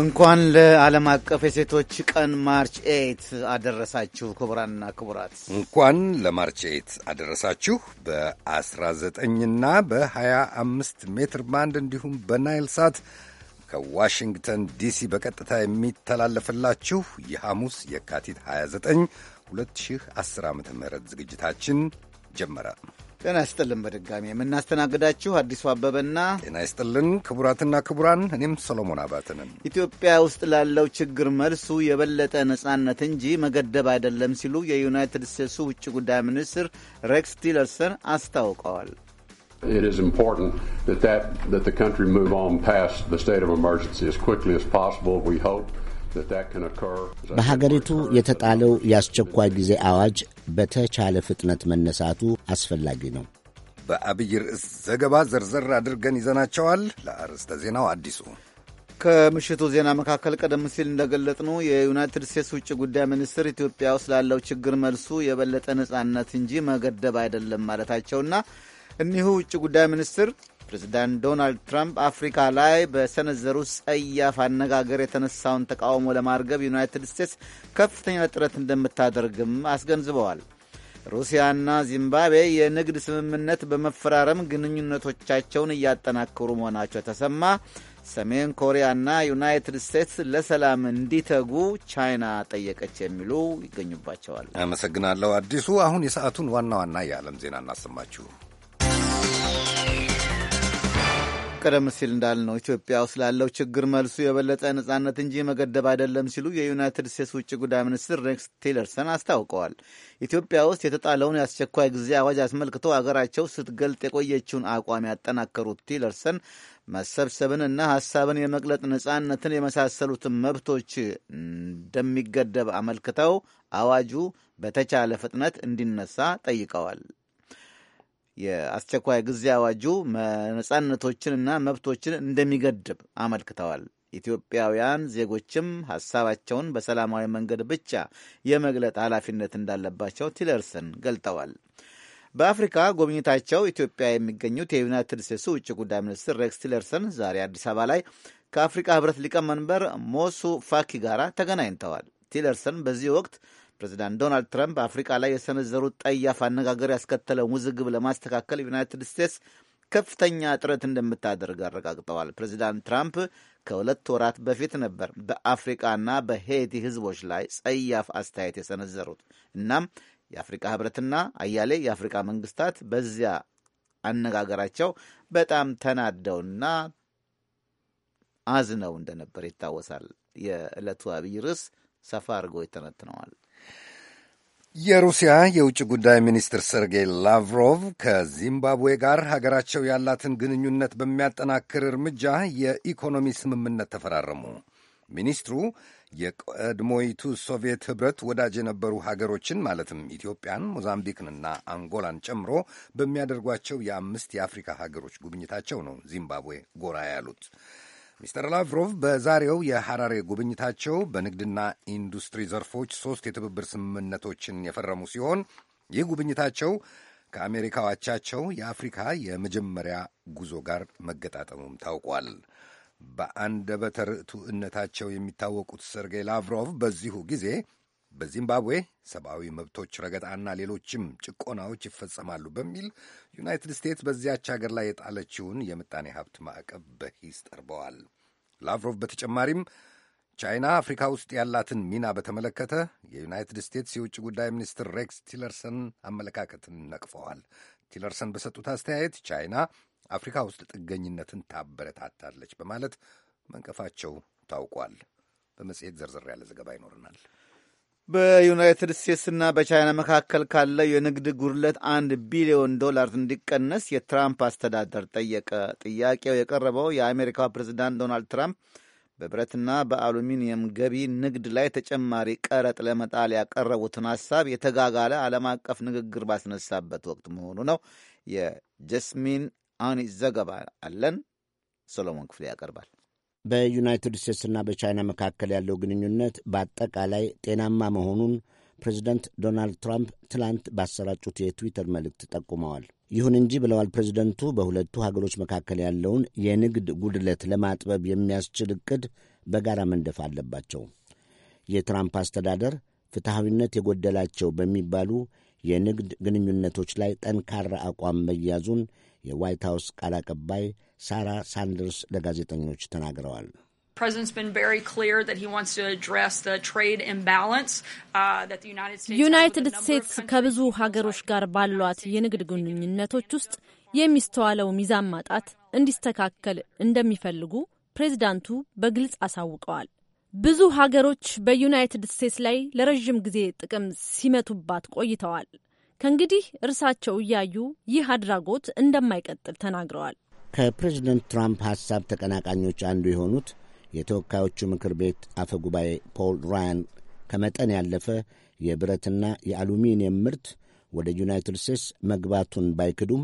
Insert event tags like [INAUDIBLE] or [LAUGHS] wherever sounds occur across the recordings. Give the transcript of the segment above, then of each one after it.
እንኳን ለዓለም አቀፍ የሴቶች ቀን ማርች ኤት አደረሳችሁ። ክቡራንና ክቡራት እንኳን ለማርች ኤት አደረሳችሁ። በ19ና በ25 ሜትር ባንድ እንዲሁም በናይል ሳት ከዋሽንግተን ዲሲ በቀጥታ የሚተላለፍላችሁ የሐሙስ የካቲት 29 2010 ዓ ም ዝግጅታችን ጀመረ። ጤና ይስጥልን። በድጋሚ የምናስተናግዳችሁ አዲሱ አበበና ጤና ይስጥልን ክቡራትና ክቡራን፣ እኔም ሰሎሞን አባተ ነን። ኢትዮጵያ ውስጥ ላለው ችግር መልሱ የበለጠ ነጻነት እንጂ መገደብ አይደለም ሲሉ የዩናይትድ ስቴትሱ ውጭ ጉዳይ ሚኒስትር ሬክስ ቲለርሰን አስታውቀዋል። በሀገሪቱ የተጣለው የአስቸኳይ ጊዜ አዋጅ በተቻለ ፍጥነት መነሳቱ አስፈላጊ ነው። በአብይ ርዕስ ዘገባ ዘርዘር አድርገን ይዘናቸዋል። ለአርዕስተ ዜናው አዲሱ ከምሽቱ ዜና መካከል ቀደም ሲል እንደገለጽነው የዩናይትድ ስቴትስ ውጭ ጉዳይ ሚኒስትር ኢትዮጵያ ውስጥ ላለው ችግር መልሱ የበለጠ ነጻነት እንጂ መገደብ አይደለም ማለታቸውና እኒሁ ውጭ ጉዳይ ሚኒስትር ፕሬዚዳንት ዶናልድ ትራምፕ አፍሪካ ላይ በሰነዘሩት ጸያፍ አነጋገር የተነሳውን ተቃውሞ ለማርገብ ዩናይትድ ስቴትስ ከፍተኛ ጥረት እንደምታደርግም አስገንዝበዋል። ሩሲያና ዚምባብዌ የንግድ ስምምነት በመፈራረም ግንኙነቶቻቸውን እያጠናከሩ መሆናቸው ተሰማ። ሰሜን ኮሪያና ዩናይትድ ስቴትስ ለሰላም እንዲተጉ ቻይና ጠየቀች የሚሉ ይገኙባቸዋል። አመሰግናለሁ አዲሱ። አሁን የሰዓቱን ዋና ዋና የዓለም ዜና እናሰማችሁ። ቀደም ሲል እንዳልነው ኢትዮጵያ ውስጥ ላለው ችግር መልሱ የበለጠ ነጻነት እንጂ መገደብ አይደለም ሲሉ የዩናይትድ ስቴትስ ውጭ ጉዳይ ሚኒስትር ሬክስ ቲለርሰን አስታውቀዋል። ኢትዮጵያ ውስጥ የተጣለውን የአስቸኳይ ጊዜ አዋጅ አስመልክቶ አገራቸው ስትገልጥ የቆየችውን አቋም ያጠናከሩት ቲለርሰን መሰብሰብን እና ሀሳብን የመግለጥ ነጻነትን የመሳሰሉትን መብቶች እንደሚገደብ አመልክተው አዋጁ በተቻለ ፍጥነት እንዲነሳ ጠይቀዋል። የአስቸኳይ ጊዜ አዋጁ ነጻነቶችንና መብቶችን እንደሚገድብ አመልክተዋል። ኢትዮጵያውያን ዜጎችም ሀሳባቸውን በሰላማዊ መንገድ ብቻ የመግለጥ ኃላፊነት እንዳለባቸው ቲለርሰን ገልጠዋል። በአፍሪካ ጉብኝታቸው ኢትዮጵያ የሚገኙት የዩናይትድ ስቴትሱ ውጭ ጉዳይ ሚኒስትር ሬክስ ቲለርሰን ዛሬ አዲስ አበባ ላይ ከአፍሪካ ሕብረት ሊቀመንበር ሞሱ ፋኪ ጋር ተገናኝተዋል። ቲለርሰን በዚህ ወቅት ፕሬዚዳንት ዶናልድ ትራምፕ በአፍሪቃ ላይ የሰነዘሩት ጠያፍ አነጋገር ያስከተለውን ውዝግብ ለማስተካከል ዩናይትድ ስቴትስ ከፍተኛ ጥረት እንደምታደርግ አረጋግጠዋል። ፕሬዚዳንት ትራምፕ ከሁለት ወራት በፊት ነበር በአፍሪቃና በሄይቲ ህዝቦች ላይ ጸያፍ አስተያየት የሰነዘሩት። እናም የአፍሪቃ ህብረትና አያሌ የአፍሪቃ መንግስታት በዚያ አነጋገራቸው በጣም ተናደውና አዝነው እንደነበር ይታወሳል። የዕለቱ አብይ ርዕስ ሰፋ አድርጎ ይተነትነዋል። የሩሲያ የውጭ ጉዳይ ሚኒስትር ሰርጌይ ላቭሮቭ ከዚምባብዌ ጋር ሀገራቸው ያላትን ግንኙነት በሚያጠናክር እርምጃ የኢኮኖሚ ስምምነት ተፈራረሙ። ሚኒስትሩ የቀድሞይቱ ሶቪየት ኅብረት ወዳጅ የነበሩ ሀገሮችን ማለትም ኢትዮጵያን፣ ሞዛምቢክንና አንጎላን ጨምሮ በሚያደርጓቸው የአምስት የአፍሪካ ሀገሮች ጉብኝታቸው ነው ዚምባብዌ ጎራ ያሉት። ሚስተር ላቭሮቭ በዛሬው የሐራሬ ጉብኝታቸው በንግድና ኢንዱስትሪ ዘርፎች ሦስት የትብብር ስምምነቶችን የፈረሙ ሲሆን ይህ ጉብኝታቸው ከአሜሪካው አቻቸው የአፍሪካ የመጀመሪያ ጉዞ ጋር መገጣጠሙም ታውቋል። በአንደበተ ርቱዕነታቸው የሚታወቁት ሰርጌይ ላቭሮቭ በዚሁ ጊዜ በዚምባብዌ ሰብአዊ መብቶች ረገጣና ሌሎችም ጭቆናዎች ይፈጸማሉ በሚል ዩናይትድ ስቴትስ በዚያች ሀገር ላይ የጣለችውን የምጣኔ ሀብት ማዕቀብ በሂስ ጠርበዋል። ላቭሮቭ በተጨማሪም ቻይና አፍሪካ ውስጥ ያላትን ሚና በተመለከተ የዩናይትድ ስቴትስ የውጭ ጉዳይ ሚኒስትር ሬክስ ቲለርሰን አመለካከትን ነቅፈዋል። ቲለርሰን በሰጡት አስተያየት ቻይና አፍሪካ ውስጥ ጥገኝነትን ታበረታታለች በማለት መንቀፋቸው ታውቋል። በመጽሔት ዘርዘር ያለ ዘገባ ይኖረናል። በዩናይትድ ስቴትስና በቻይና መካከል ካለው የንግድ ጉድለት አንድ ቢሊዮን ዶላር እንዲቀነስ የትራምፕ አስተዳደር ጠየቀ። ጥያቄው የቀረበው የአሜሪካ ፕሬዚዳንት ዶናልድ ትራምፕ በብረትና በአሉሚኒየም ገቢ ንግድ ላይ ተጨማሪ ቀረጥ ለመጣል ያቀረቡትን ሀሳብ የተጋጋለ ዓለም አቀፍ ንግግር ባስነሳበት ወቅት መሆኑ ነው። የጀስሚን አኒ ዘገባ አለን። ሰሎሞን ክፍሌ ያቀርባል። በዩናይትድ ስቴትስና በቻይና መካከል ያለው ግንኙነት በአጠቃላይ ጤናማ መሆኑን ፕሬዚደንት ዶናልድ ትራምፕ ትላንት ባሰራጩት የትዊተር መልእክት ጠቁመዋል። ይሁን እንጂ ብለዋል ፕሬዚደንቱ በሁለቱ ሀገሮች መካከል ያለውን የንግድ ጉድለት ለማጥበብ የሚያስችል እቅድ በጋራ መንደፍ አለባቸው። የትራምፕ አስተዳደር ፍትሐዊነት የጎደላቸው በሚባሉ የንግድ ግንኙነቶች ላይ ጠንካራ አቋም መያዙን የዋይት ሀውስ ቃል አቀባይ ሳራ ሳንደርስ ለጋዜጠኞች ተናግረዋል። ዩናይትድ ስቴትስ uh, ከብዙ ሀገሮች ጋር ባሏት የንግድ ግንኙነቶች ውስጥ የሚስተዋለው ሚዛን ማጣት እንዲስተካከል እንደሚፈልጉ ፕሬዚዳንቱ በግልጽ አሳውቀዋል። ብዙ ሀገሮች በዩናይትድ ስቴትስ ላይ ለረዥም ጊዜ ጥቅም ሲመቱባት ቆይተዋል። ከእንግዲህ እርሳቸው እያዩ ይህ አድራጎት እንደማይቀጥል ተናግረዋል። ከፕሬዚደንት ትራምፕ ሐሳብ ተቀናቃኞች አንዱ የሆኑት የተወካዮቹ ምክር ቤት አፈ ጉባኤ ፖል ራያን ከመጠን ያለፈ የብረትና የአሉሚኒየም ምርት ወደ ዩናይትድ ስቴትስ መግባቱን ባይክዱም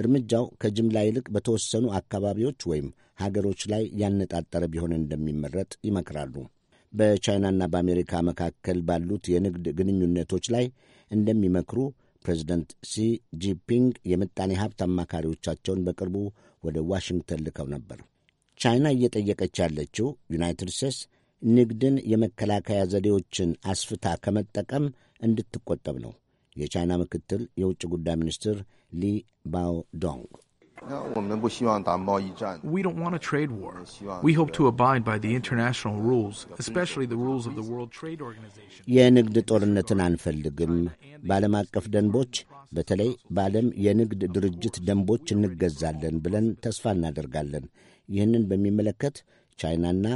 እርምጃው ከጅምላ ይልቅ በተወሰኑ አካባቢዎች ወይም ሀገሮች ላይ ያነጣጠረ ቢሆን እንደሚመረጥ ይመክራሉ። በቻይናና በአሜሪካ መካከል ባሉት የንግድ ግንኙነቶች ላይ እንደሚመክሩ ፕሬዚደንት ሲ ጂንፒንግ የምጣኔ ሀብት አማካሪዎቻቸውን በቅርቡ ወደ ዋሽንግተን ልከው ነበር። ቻይና እየጠየቀች ያለችው ዩናይትድ ስቴትስ ንግድን የመከላከያ ዘዴዎችን አስፍታ ከመጠቀም እንድትቆጠብ ነው። የቻይና ምክትል የውጭ ጉዳይ ሚኒስትር ሊ ባው ዶንግ We don't want a trade war. We hope to abide by the international rules, especially the rules of the World Trade Organization. የንግድ ጦርነትን አንፈልግም። በዓለም አቀፍ ደንቦች፣ በተለይ በዓለም የንግድ ድርጅት ደንቦች እንገዛለን ብለን ተስፋ እናደርጋለን። ይህንን በሚመለከት ቻይናና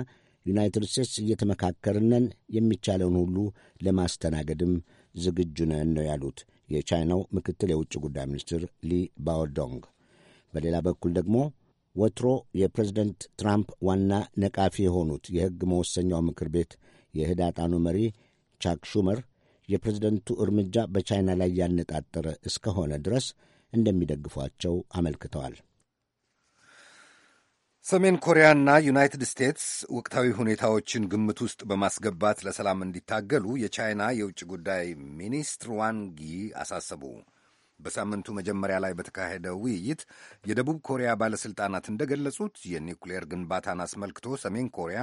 ዩናይትድ ስቴትስ እየተመካከርነን የሚቻለውን ሁሉ ለማስተናገድም ዝግጁ ነን ነው ያሉት የቻይናው ምክትል የውጭ ጉዳይ ሚኒስትር ሊ ባዎዶንግ። በሌላ በኩል ደግሞ ወትሮ የፕሬዝደንት ትራምፕ ዋና ነቃፊ የሆኑት የሕግ መወሰኛው ምክር ቤት የህዳጣኑ መሪ ቻክ ሹመር የፕሬዝደንቱ እርምጃ በቻይና ላይ ያነጣጠረ እስከሆነ ድረስ እንደሚደግፏቸው አመልክተዋል። ሰሜን ኮሪያና ዩናይትድ ስቴትስ ወቅታዊ ሁኔታዎችን ግምት ውስጥ በማስገባት ለሰላም እንዲታገሉ የቻይና የውጭ ጉዳይ ሚኒስትር ዋንጊ አሳሰቡ። በሳምንቱ መጀመሪያ ላይ በተካሄደው ውይይት የደቡብ ኮሪያ ባለሥልጣናት እንደገለጹት የኒውክሌር ግንባታን አስመልክቶ ሰሜን ኮሪያ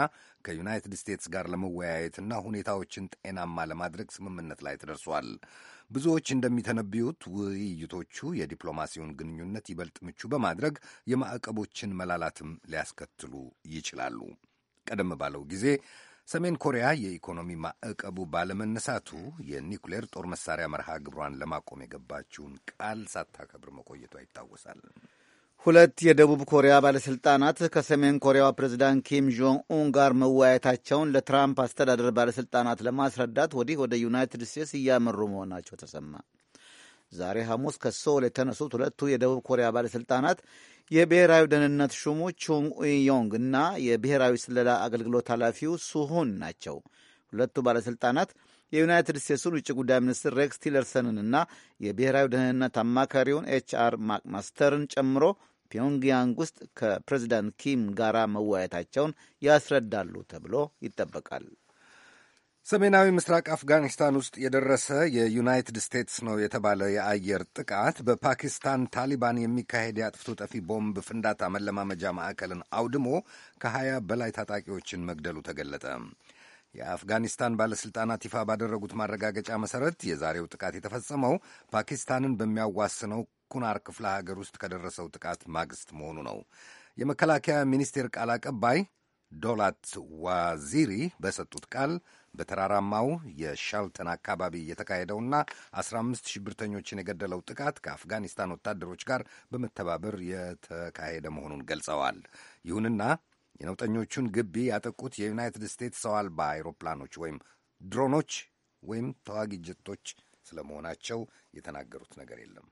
ከዩናይትድ ስቴትስ ጋር ለመወያየትና ሁኔታዎችን ጤናማ ለማድረግ ስምምነት ላይ ተደርሷል። ብዙዎች እንደሚተነብዩት ውይይቶቹ የዲፕሎማሲውን ግንኙነት ይበልጥ ምቹ በማድረግ የማዕቀቦችን መላላትም ሊያስከትሉ ይችላሉ። ቀደም ባለው ጊዜ ሰሜን ኮሪያ የኢኮኖሚ ማዕቀቡ ባለመነሳቱ የኒውክሌር ጦር መሳሪያ መርሃ ግብሯን ለማቆም የገባችውን ቃል ሳታከብር መቆየቷ ይታወሳል። ሁለት የደቡብ ኮሪያ ባለሥልጣናት ከሰሜን ኮሪያ ፕሬዚዳንት ኪም ጆንግ ኡን ጋር መወያየታቸውን ለትራምፕ አስተዳደር ባለሥልጣናት ለማስረዳት ወዲህ ወደ ዩናይትድ ስቴትስ እያመሩ መሆናቸው ተሰማ። ዛሬ ሐሙስ ከሶል የተነሱት ሁለቱ የደቡብ ኮሪያ ባለሥልጣናት የብሔራዊ ደህንነት ሹሙ ቹንግ ኡዮንግ እና የብሔራዊ ስለላ አገልግሎት ኃላፊው ሱሁን ናቸው። ሁለቱ ባለሥልጣናት የዩናይትድ ስቴትሱን ውጭ ጉዳይ ሚኒስትር ሬክስ ቲለርሰንን እና የብሔራዊ ደህንነት አማካሪውን ኤች አር ማክማስተርን ጨምሮ ፒዮንግያንግ ውስጥ ከፕሬዚዳንት ኪም ጋራ መወያየታቸውን ያስረዳሉ ተብሎ ይጠበቃል። ሰሜናዊ ምስራቅ አፍጋኒስታን ውስጥ የደረሰ የዩናይትድ ስቴትስ ነው የተባለ የአየር ጥቃት በፓኪስታን ታሊባን የሚካሄድ የአጥፍቶ ጠፊ ቦምብ ፍንዳታ መለማመጃ ማዕከልን አውድሞ ከሀያ በላይ ታጣቂዎችን መግደሉ ተገለጠ። የአፍጋኒስታን ባለሥልጣናት ይፋ ባደረጉት ማረጋገጫ መሠረት የዛሬው ጥቃት የተፈጸመው ፓኪስታንን በሚያዋስነው ኩናር ክፍለ ሀገር ውስጥ ከደረሰው ጥቃት ማግስት መሆኑ ነው። የመከላከያ ሚኒስቴር ቃል አቀባይ ዶላት ዋዚሪ በሰጡት ቃል በተራራማው የሻልተን አካባቢ የተካሄደውና 15 ሽብርተኞችን የገደለው ጥቃት ከአፍጋኒስታን ወታደሮች ጋር በመተባበር የተካሄደ መሆኑን ገልጸዋል። ይሁንና የነውጠኞቹን ግቢ ያጠቁት የዩናይትድ ስቴትስ ሰው አልባ አይሮፕላኖች ወይም ድሮኖች ወይም ተዋጊ ጀቶች ስለመሆናቸው የተናገሩት ነገር የለም።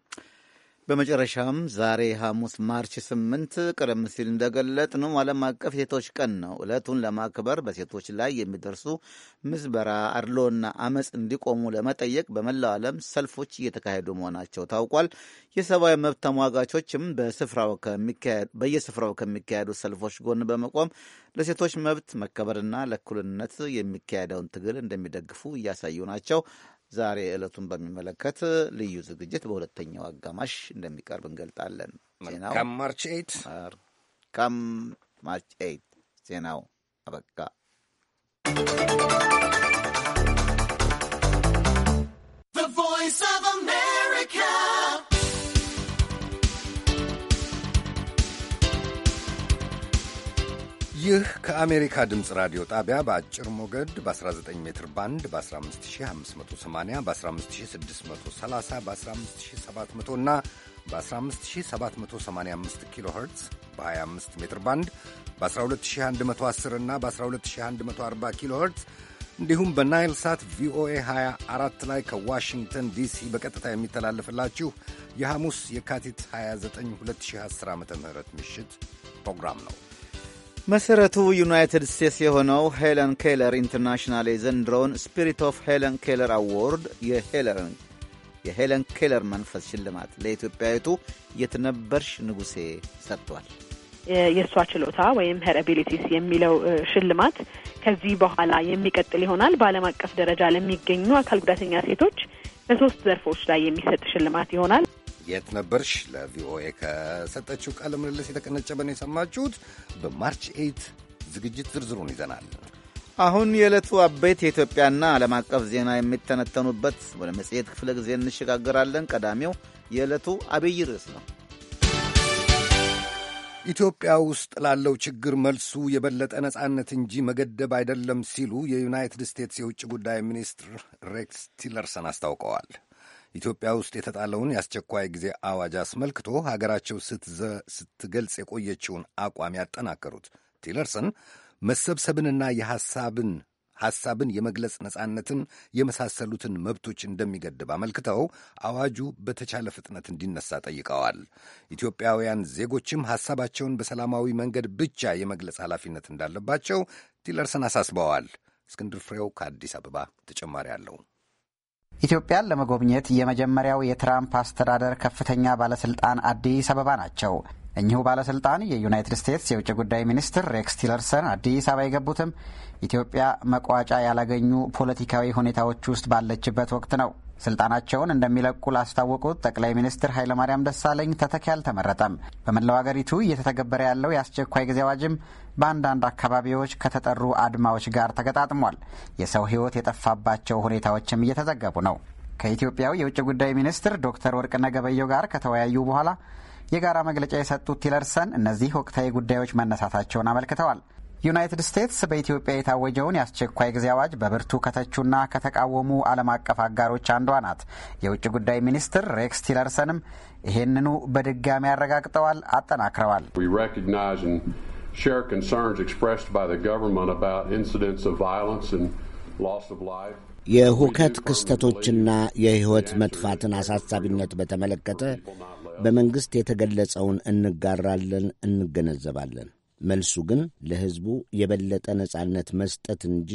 በመጨረሻም ዛሬ ሐሙስ ማርች 8 ቀደም ሲል እንደገለጥ ነው ዓለም አቀፍ ሴቶች ቀን ነው። ዕለቱን ለማክበር በሴቶች ላይ የሚደርሱ ምዝበራ፣ አድሎና አመፅ እንዲቆሙ ለመጠየቅ በመላው ዓለም ሰልፎች እየተካሄዱ መሆናቸው ታውቋል። የሰብአዊ መብት ተሟጋቾችም በየስፍራው ከሚካሄዱ ሰልፎች ጎን በመቆም ለሴቶች መብት መከበርና ለእኩልነት የሚካሄደውን ትግል እንደሚደግፉ እያሳዩ ናቸው። ዛሬ ዕለቱን በሚመለከት ልዩ ዝግጅት በሁለተኛው አጋማሽ እንደሚቀርብ እንገልጣለን። ዜናው መልካም ማርች ኤት ዜናው አበቃ። ይህ ከአሜሪካ ድምፅ ራዲዮ ጣቢያ በአጭር ሞገድ በ19 ሜትር ባንድ በ15580 በ15630 በ15700 እና በ15785 ኪሎ ኸርትዝ በ25 ሜትር ባንድ በ12110 እና በ12140 ኪሎ ኸርትዝ እንዲሁም በናይል ሳት ቪኦኤ 24 ላይ ከዋሽንግተን ዲሲ በቀጥታ የሚተላለፍላችሁ የሐሙስ የካቲት 29 2010 ዓ ም ምሽት ፕሮግራም ነው። መሰረቱ ዩናይትድ ስቴትስ የሆነው ሄለን ኬለር ኢንተርናሽናል የዘንድሮውን ስፒሪት ኦፍ ሄለን ኬለር አዎርድ የሄለን ኬለር መንፈስ ሽልማት ለኢትዮጵያዊቱ የትነበርሽ ንጉሴ ሰጥቷል። የእሷ ችሎታ ወይም ሄር አቢሊቲስ የሚለው ሽልማት ከዚህ በኋላ የሚቀጥል ይሆናል። በዓለም አቀፍ ደረጃ ለሚገኙ አካል ጉዳተኛ ሴቶች በሶስት ዘርፎች ላይ የሚሰጥ ሽልማት ይሆናል። የት ነበርሽ ለቪኦኤ ከሰጠችው ቃለ ምልልስ የተቀነጨበን የሰማችሁት። በማርች ኤት ዝግጅት ዝርዝሩን ይዘናል። አሁን የዕለቱ አበይት የኢትዮጵያና ዓለም አቀፍ ዜና የሚተነተኑበት ወደ መጽሔት ክፍለ ጊዜ እንሸጋገራለን። ቀዳሚው የዕለቱ አብይ ርዕስ ነው። ኢትዮጵያ ውስጥ ላለው ችግር መልሱ የበለጠ ነጻነት እንጂ መገደብ አይደለም ሲሉ የዩናይትድ ስቴትስ የውጭ ጉዳይ ሚኒስትር ሬክስ ቲለርሰን አስታውቀዋል። ኢትዮጵያ ውስጥ የተጣለውን የአስቸኳይ ጊዜ አዋጅ አስመልክቶ ሀገራቸው ስትገልጽ የቆየችውን አቋም ያጠናከሩት ቲለርሰን መሰብሰብንና የሐሳብን ሐሳብን የመግለጽ ነጻነትን የመሳሰሉትን መብቶች እንደሚገድብ አመልክተው አዋጁ በተቻለ ፍጥነት እንዲነሳ ጠይቀዋል። ኢትዮጵያውያን ዜጎችም ሐሳባቸውን በሰላማዊ መንገድ ብቻ የመግለጽ ኃላፊነት እንዳለባቸው ቲለርሰን አሳስበዋል። እስክንድር ፍሬው ከአዲስ አበባ ተጨማሪ አለው። ኢትዮጵያን ለመጎብኘት የመጀመሪያው የትራምፕ አስተዳደር ከፍተኛ ባለስልጣን አዲስ አበባ ናቸው። እኚሁ ባለስልጣን የዩናይትድ ስቴትስ የውጭ ጉዳይ ሚኒስትር ሬክስ ቲለርሰን አዲስ አበባ የገቡትም ኢትዮጵያ መቋጫ ያላገኙ ፖለቲካዊ ሁኔታዎች ውስጥ ባለችበት ወቅት ነው። ስልጣናቸውን እንደሚለቁ ላስታወቁት ጠቅላይ ሚኒስትር ኃይለማርያም ደሳለኝ ተተኪ አልተመረጠም። በመላው አገሪቱ እየተተገበረ ያለው የአስቸኳይ ጊዜ አዋጅም በአንዳንድ አካባቢዎች ከተጠሩ አድማዎች ጋር ተገጣጥሟል። የሰው ሕይወት የጠፋባቸው ሁኔታዎችም እየተዘገቡ ነው። ከኢትዮጵያው የውጭ ጉዳይ ሚኒስትር ዶክተር ወርቅነህ ገበየሁ ጋር ከተወያዩ በኋላ የጋራ መግለጫ የሰጡት ቲለርሰን እነዚህ ወቅታዊ ጉዳዮች መነሳታቸውን አመልክተዋል። ዩናይትድ ስቴትስ በኢትዮጵያ የታወጀውን የአስቸኳይ ጊዜ አዋጅ በብርቱ ከተቹና ከተቃወሙ ዓለም አቀፍ አጋሮች አንዷ ናት። የውጭ ጉዳይ ሚኒስትር ሬክስ ቲለርሰንም ይህንኑ በድጋሚ አረጋግጠዋል፣ አጠናክረዋል። የሁከት ክስተቶችና የሕይወት መጥፋትን አሳሳቢነት በተመለከተ በመንግሥት የተገለጸውን እንጋራለን፣ እንገነዘባለን። መልሱ ግን ለሕዝቡ የበለጠ ነጻነት መስጠት እንጂ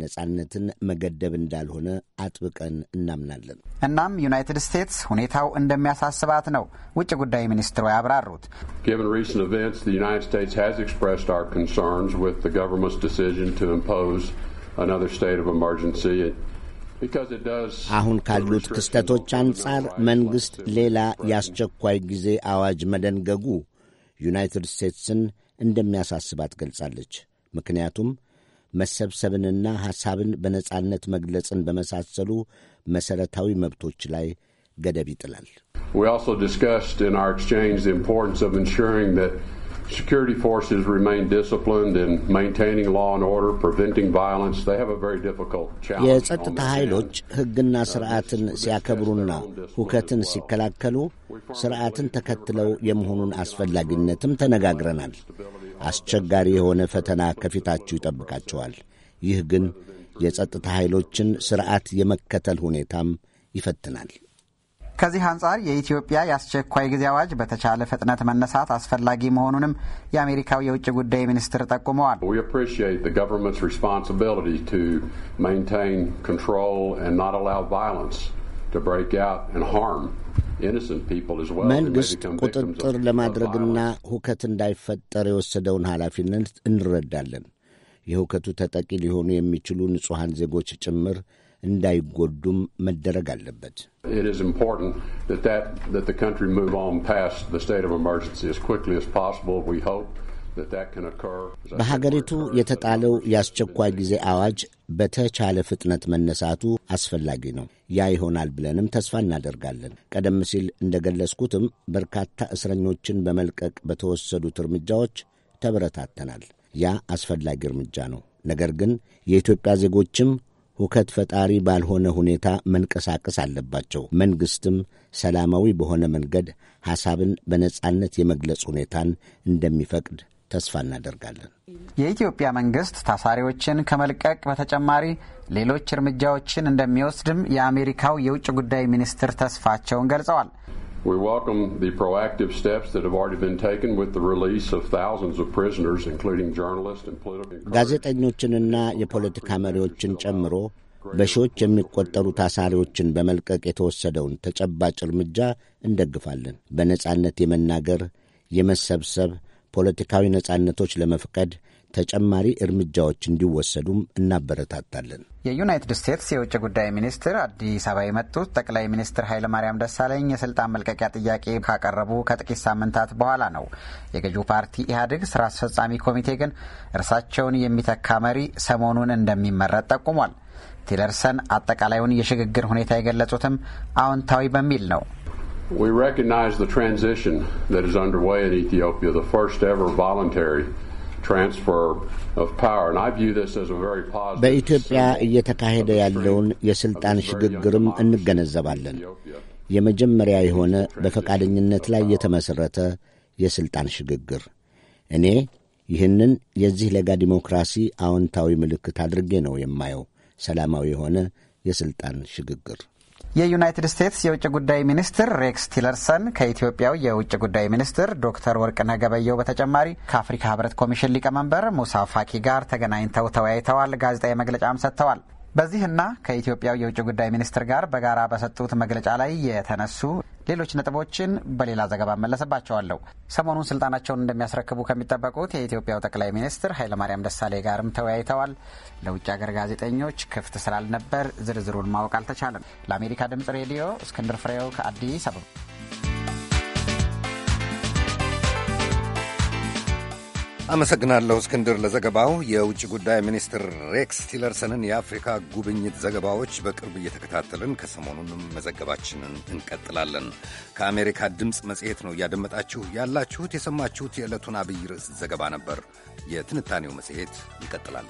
ነጻነትን መገደብ እንዳልሆነ አጥብቀን እናምናለን። እናም ዩናይትድ ስቴትስ ሁኔታው እንደሚያሳስባት ነው ውጭ ጉዳይ ሚኒስትሩ ያብራሩት። አሁን ካሉት ክስተቶች አንጻር መንግሥት ሌላ የአስቸኳይ ጊዜ አዋጅ መደንገጉ ዩናይትድ ስቴትስን እንደሚያሳስባት ገልጻለች። ምክንያቱም መሰብሰብንና ሐሳብን በነጻነት መግለጽን በመሳሰሉ መሠረታዊ መብቶች ላይ ገደብ ይጥላል። security forces remain disciplined in maintaining law and order, preventing violence. They have a very difficult challenge. የጸጥታ ኃይሎች ሕግና uh, ስርዓትን ሲያከብሩና ሁከትን ሲከላከሉ ስርዓትን ተከትለው የመሆኑን አስፈላጊነትም ተነጋግረናል። አስቸጋሪ የሆነ ፈተና ከፊታችሁ ይጠብቃቸዋል። ይህ ግን የጸጥታ ኃይሎችን ስርዓት የመከተል ሁኔታም ይፈትናል። ከዚህ አንጻር የኢትዮጵያ የአስቸኳይ ጊዜ አዋጅ በተቻለ ፍጥነት መነሳት አስፈላጊ መሆኑንም የአሜሪካው የውጭ ጉዳይ ሚኒስትር ጠቁመዋል። መንግስት ቁጥጥር ለማድረግና ሁከት እንዳይፈጠር የወሰደውን ኃላፊነት እንረዳለን። የሁከቱ ተጠቂ ሊሆኑ የሚችሉ ንጹሐን ዜጎች ጭምር እንዳይጎዱም መደረግ አለበት። በሀገሪቱ የተጣለው የአስቸኳይ ጊዜ አዋጅ በተቻለ ፍጥነት መነሳቱ አስፈላጊ ነው። ያ ይሆናል ብለንም ተስፋ እናደርጋለን። ቀደም ሲል ገለጽኩትም በርካታ እስረኞችን በመልቀቅ በተወሰዱት እርምጃዎች ተበረታተናል። ያ አስፈላጊ እርምጃ ነው። ነገር ግን የኢትዮጵያ ዜጎችም ሁከት ፈጣሪ ባልሆነ ሁኔታ መንቀሳቀስ አለባቸው። መንግሥትም ሰላማዊ በሆነ መንገድ ሐሳብን በነጻነት የመግለጽ ሁኔታን እንደሚፈቅድ ተስፋ እናደርጋለን። የኢትዮጵያ መንግሥት ታሳሪዎችን ከመልቀቅ በተጨማሪ ሌሎች እርምጃዎችን እንደሚወስድም የአሜሪካው የውጭ ጉዳይ ሚኒስትር ተስፋቸውን ገልጸዋል። We welcome the proactive steps that have already been taken with the release of thousands of prisoners, including journalists and political ጋዜጠኞችንና የፖለቲካ መሪዎችን ጨምሮ በሺዎች የሚቆጠሩ ታሳሪዎችን በመልቀቅ የተወሰደውን ተጨባጭ እርምጃ እንደግፋለን። በነጻነት የመናገር የመሰብሰብ፣ ፖለቲካዊ ነጻነቶች ለመፍቀድ ተጨማሪ እርምጃዎች እንዲወሰዱም እናበረታታለን። የዩናይትድ ስቴትስ የውጭ ጉዳይ ሚኒስትር አዲስ አበባ የመጡት ጠቅላይ ሚኒስትር ኃይለማርያም ደሳለኝ የስልጣን መልቀቂያ ጥያቄ ካቀረቡ ከጥቂት ሳምንታት በኋላ ነው። የገዢው ፓርቲ ኢህአዴግ ስራ አስፈጻሚ ኮሚቴ ግን እርሳቸውን የሚተካ መሪ ሰሞኑን እንደሚመረጥ ጠቁሟል። ቲለርሰን አጠቃላዩን የሽግግር ሁኔታ የገለጹትም አዎንታዊ በሚል ነው። We recognize the transition that is underway in Ethiopia, the first ever voluntary በኢትዮጵያ እየተካሄደ ያለውን የሥልጣን ሽግግርም እንገነዘባለን። የመጀመሪያ የሆነ በፈቃደኝነት ላይ የተመሠረተ የሥልጣን ሽግግር እኔ ይህንን የዚህ ለጋ ዲሞክራሲ አዎንታዊ ምልክት አድርጌ ነው የማየው። ሰላማዊ የሆነ የሥልጣን ሽግግር የዩናይትድ ስቴትስ የውጭ ጉዳይ ሚኒስትር ሬክስ ቲለርሰን ከኢትዮጵያው የውጭ ጉዳይ ሚኒስትር ዶክተር ወርቅነህ ገበየሁ በተጨማሪ ከአፍሪካ ህብረት ኮሚሽን ሊቀመንበር ሙሳ ፋኪ ጋር ተገናኝተው ተወያይተዋል። ጋዜጣዊ መግለጫም ሰጥተዋል። በዚህና ከኢትዮጵያው የውጭ ጉዳይ ሚኒስትር ጋር በጋራ በሰጡት መግለጫ ላይ የተነሱ ሌሎች ነጥቦችን በሌላ ዘገባ መለሰባቸዋለሁ። ሰሞኑን ስልጣናቸውን እንደሚያስረክቡ ከሚጠበቁት የኢትዮጵያው ጠቅላይ ሚኒስትር ኃይለማርያም ደሳሌ ጋርም ተወያይተዋል። ለውጭ ሀገር ጋዜጠኞች ክፍት ስላልነበር ዝርዝሩን ማወቅ አልተቻለም። ለአሜሪካ ድምጽ ሬዲዮ እስክንድር ፍሬው ከአዲስ አበባ አመሰግናለሁ እስክንድር ለዘገባው። የውጭ ጉዳይ ሚኒስትር ሬክስ ቲለርሰንን የአፍሪካ ጉብኝት ዘገባዎች በቅርብ እየተከታተልን ከሰሞኑንም መዘገባችንን እንቀጥላለን። ከአሜሪካ ድምፅ መጽሔት ነው እያደመጣችሁ ያላችሁት። የሰማችሁት የዕለቱን አብይ ርዕስ ዘገባ ነበር። የትንታኔው መጽሔት ይቀጥላል።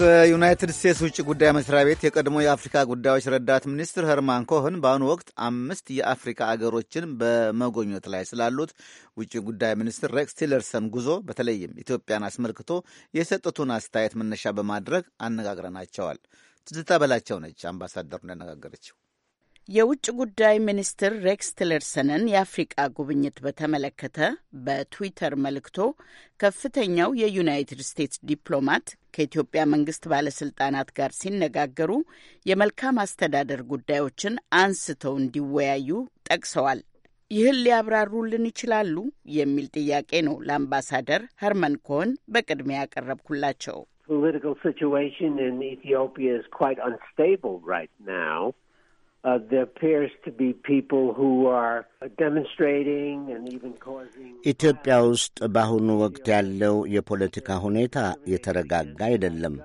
በዩናይትድ ስቴትስ ውጭ ጉዳይ መስሪያ ቤት የቀድሞ የአፍሪካ ጉዳዮች ረዳት ሚኒስትር ሄርማን ኮህን በአሁኑ ወቅት አምስት የአፍሪካ አገሮችን በመጎብኘት ላይ ስላሉት ውጭ ጉዳይ ሚኒስትር ሬክስ ቲለርሰን ጉዞ በተለይም ኢትዮጵያን አስመልክቶ የሰጡትን አስተያየት መነሻ በማድረግ አነጋግረናቸዋል። ትዝታ በላቸው ነች አምባሳደሩን ያነጋገረችው። የውጭ ጉዳይ ሚኒስትር ሬክስ ቲለርሰንን የአፍሪቃ ጉብኝት በተመለከተ በትዊተር መልክቶ ከፍተኛው የዩናይትድ ስቴትስ ዲፕሎማት ከኢትዮጵያ መንግስት ባለስልጣናት ጋር ሲነጋገሩ የመልካም አስተዳደር ጉዳዮችን አንስተው እንዲወያዩ ጠቅሰዋል። ይህን ሊያብራሩልን ይችላሉ የሚል ጥያቄ ነው ለአምባሳደር ሀርመን ኮሆን በቅድሚያ ያቀረብኩላቸው። Uh, ኢትዮጵያ ውስጥ በአሁኑ ወቅት ያለው የፖለቲካ ሁኔታ የተረጋጋ አይደለም።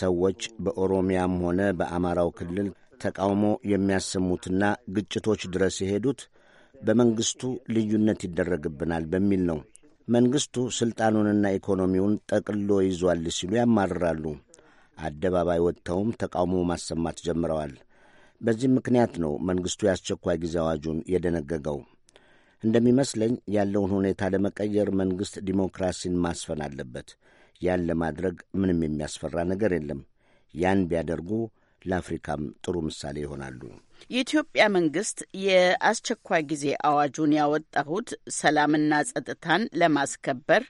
ሰዎች በኦሮሚያም ሆነ በአማራው ክልል ተቃውሞ የሚያሰሙትና ግጭቶች ድረስ የሄዱት በመንግሥቱ ልዩነት ይደረግብናል በሚል ነው። መንግሥቱ ሥልጣኑንና ኢኮኖሚውን ጠቅሎ ይዟል ሲሉ ያማርራሉ። አደባባይ ወጥተውም ተቃውሞ ማሰማት ጀምረዋል። በዚህ ምክንያት ነው መንግሥቱ የአስቸኳይ ጊዜ አዋጁን የደነገገው። እንደሚመስለኝ ያለውን ሁኔታ ለመቀየር መንግሥት ዲሞክራሲን ማስፈን አለበት። ያን ለማድረግ ምንም የሚያስፈራ ነገር የለም። ያን ቢያደርጉ ለአፍሪካም ጥሩ ምሳሌ ይሆናሉ። የኢትዮጵያ መንግስት የአስቸኳይ ጊዜ አዋጁን ያወጣሁት ሰላምና ጸጥታን ለማስከበር፣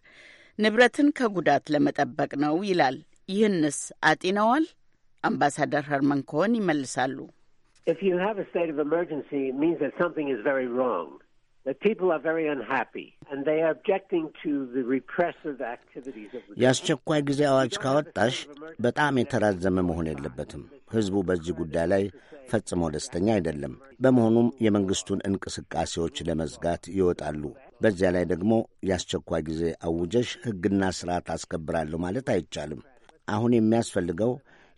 ንብረትን ከጉዳት ለመጠበቅ ነው ይላል። ይህንስ አጢነዋል? አምባሳደር ሀርመን ከሆን ይመልሳሉ። if you have a state of emergency, it means that something is very wrong. የአስቸኳይ ጊዜ አዋጅ ካወጣሽ በጣም የተራዘመ መሆን የለበትም። ሕዝቡ በዚህ ጉዳይ ላይ ፈጽሞ ደስተኛ አይደለም። በመሆኑም የመንግሥቱን እንቅስቃሴዎች ለመዝጋት ይወጣሉ። በዚያ ላይ ደግሞ የአስቸኳይ ጊዜ አውጀሽ ሕግና ሥርዓት አስከብራለሁ ማለት አይቻልም። አሁን የሚያስፈልገው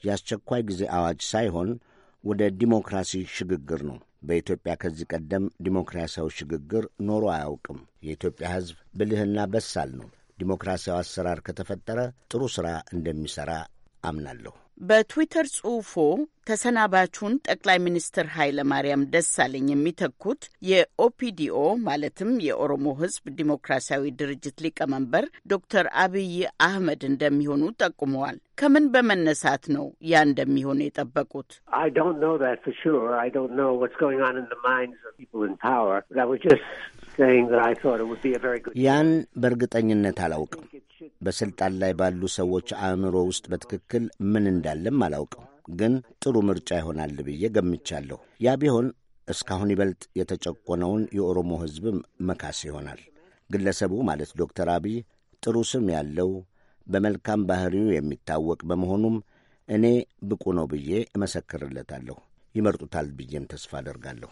የአስቸኳይ ጊዜ አዋጅ ሳይሆን ወደ ዲሞክራሲ ሽግግር ነው። በኢትዮጵያ ከዚህ ቀደም ዲሞክራሲያዊ ሽግግር ኖሮ አያውቅም። የኢትዮጵያ ሕዝብ ብልህና በሳል ነው። ዲሞክራሲያዊ አሰራር ከተፈጠረ ጥሩ ሥራ እንደሚሠራ አምናለሁ። በትዊተር ጽሑፎ ተሰናባቹን ጠቅላይ ሚኒስትር ኃይለ ማርያም ደሳለኝ የሚተኩት የኦፒዲኦ ማለትም የኦሮሞ ሕዝብ ዲሞክራሲያዊ ድርጅት ሊቀመንበር ዶክተር አብይ አህመድ እንደሚሆኑ ጠቁመዋል። ከምን በመነሳት ነው ያ እንደሚሆን የጠበቁት? ያን በእርግጠኝነት አላውቅም። በሥልጣን ላይ ባሉ ሰዎች አእምሮ ውስጥ በትክክል ምን እንዳለም አላውቅም፣ ግን ጥሩ ምርጫ ይሆናል ብዬ ገምቻለሁ። ያ ቢሆን እስካሁን ይበልጥ የተጨቆነውን የኦሮሞ ሕዝብም መካስ ይሆናል። ግለሰቡ ማለት ዶክተር አብይ ጥሩ ስም ያለው በመልካም ባህሪው የሚታወቅ በመሆኑም እኔ ብቁ ነው ብዬ እመሰክርለታለሁ። ይመርጡታል ብዬም ተስፋ አደርጋለሁ።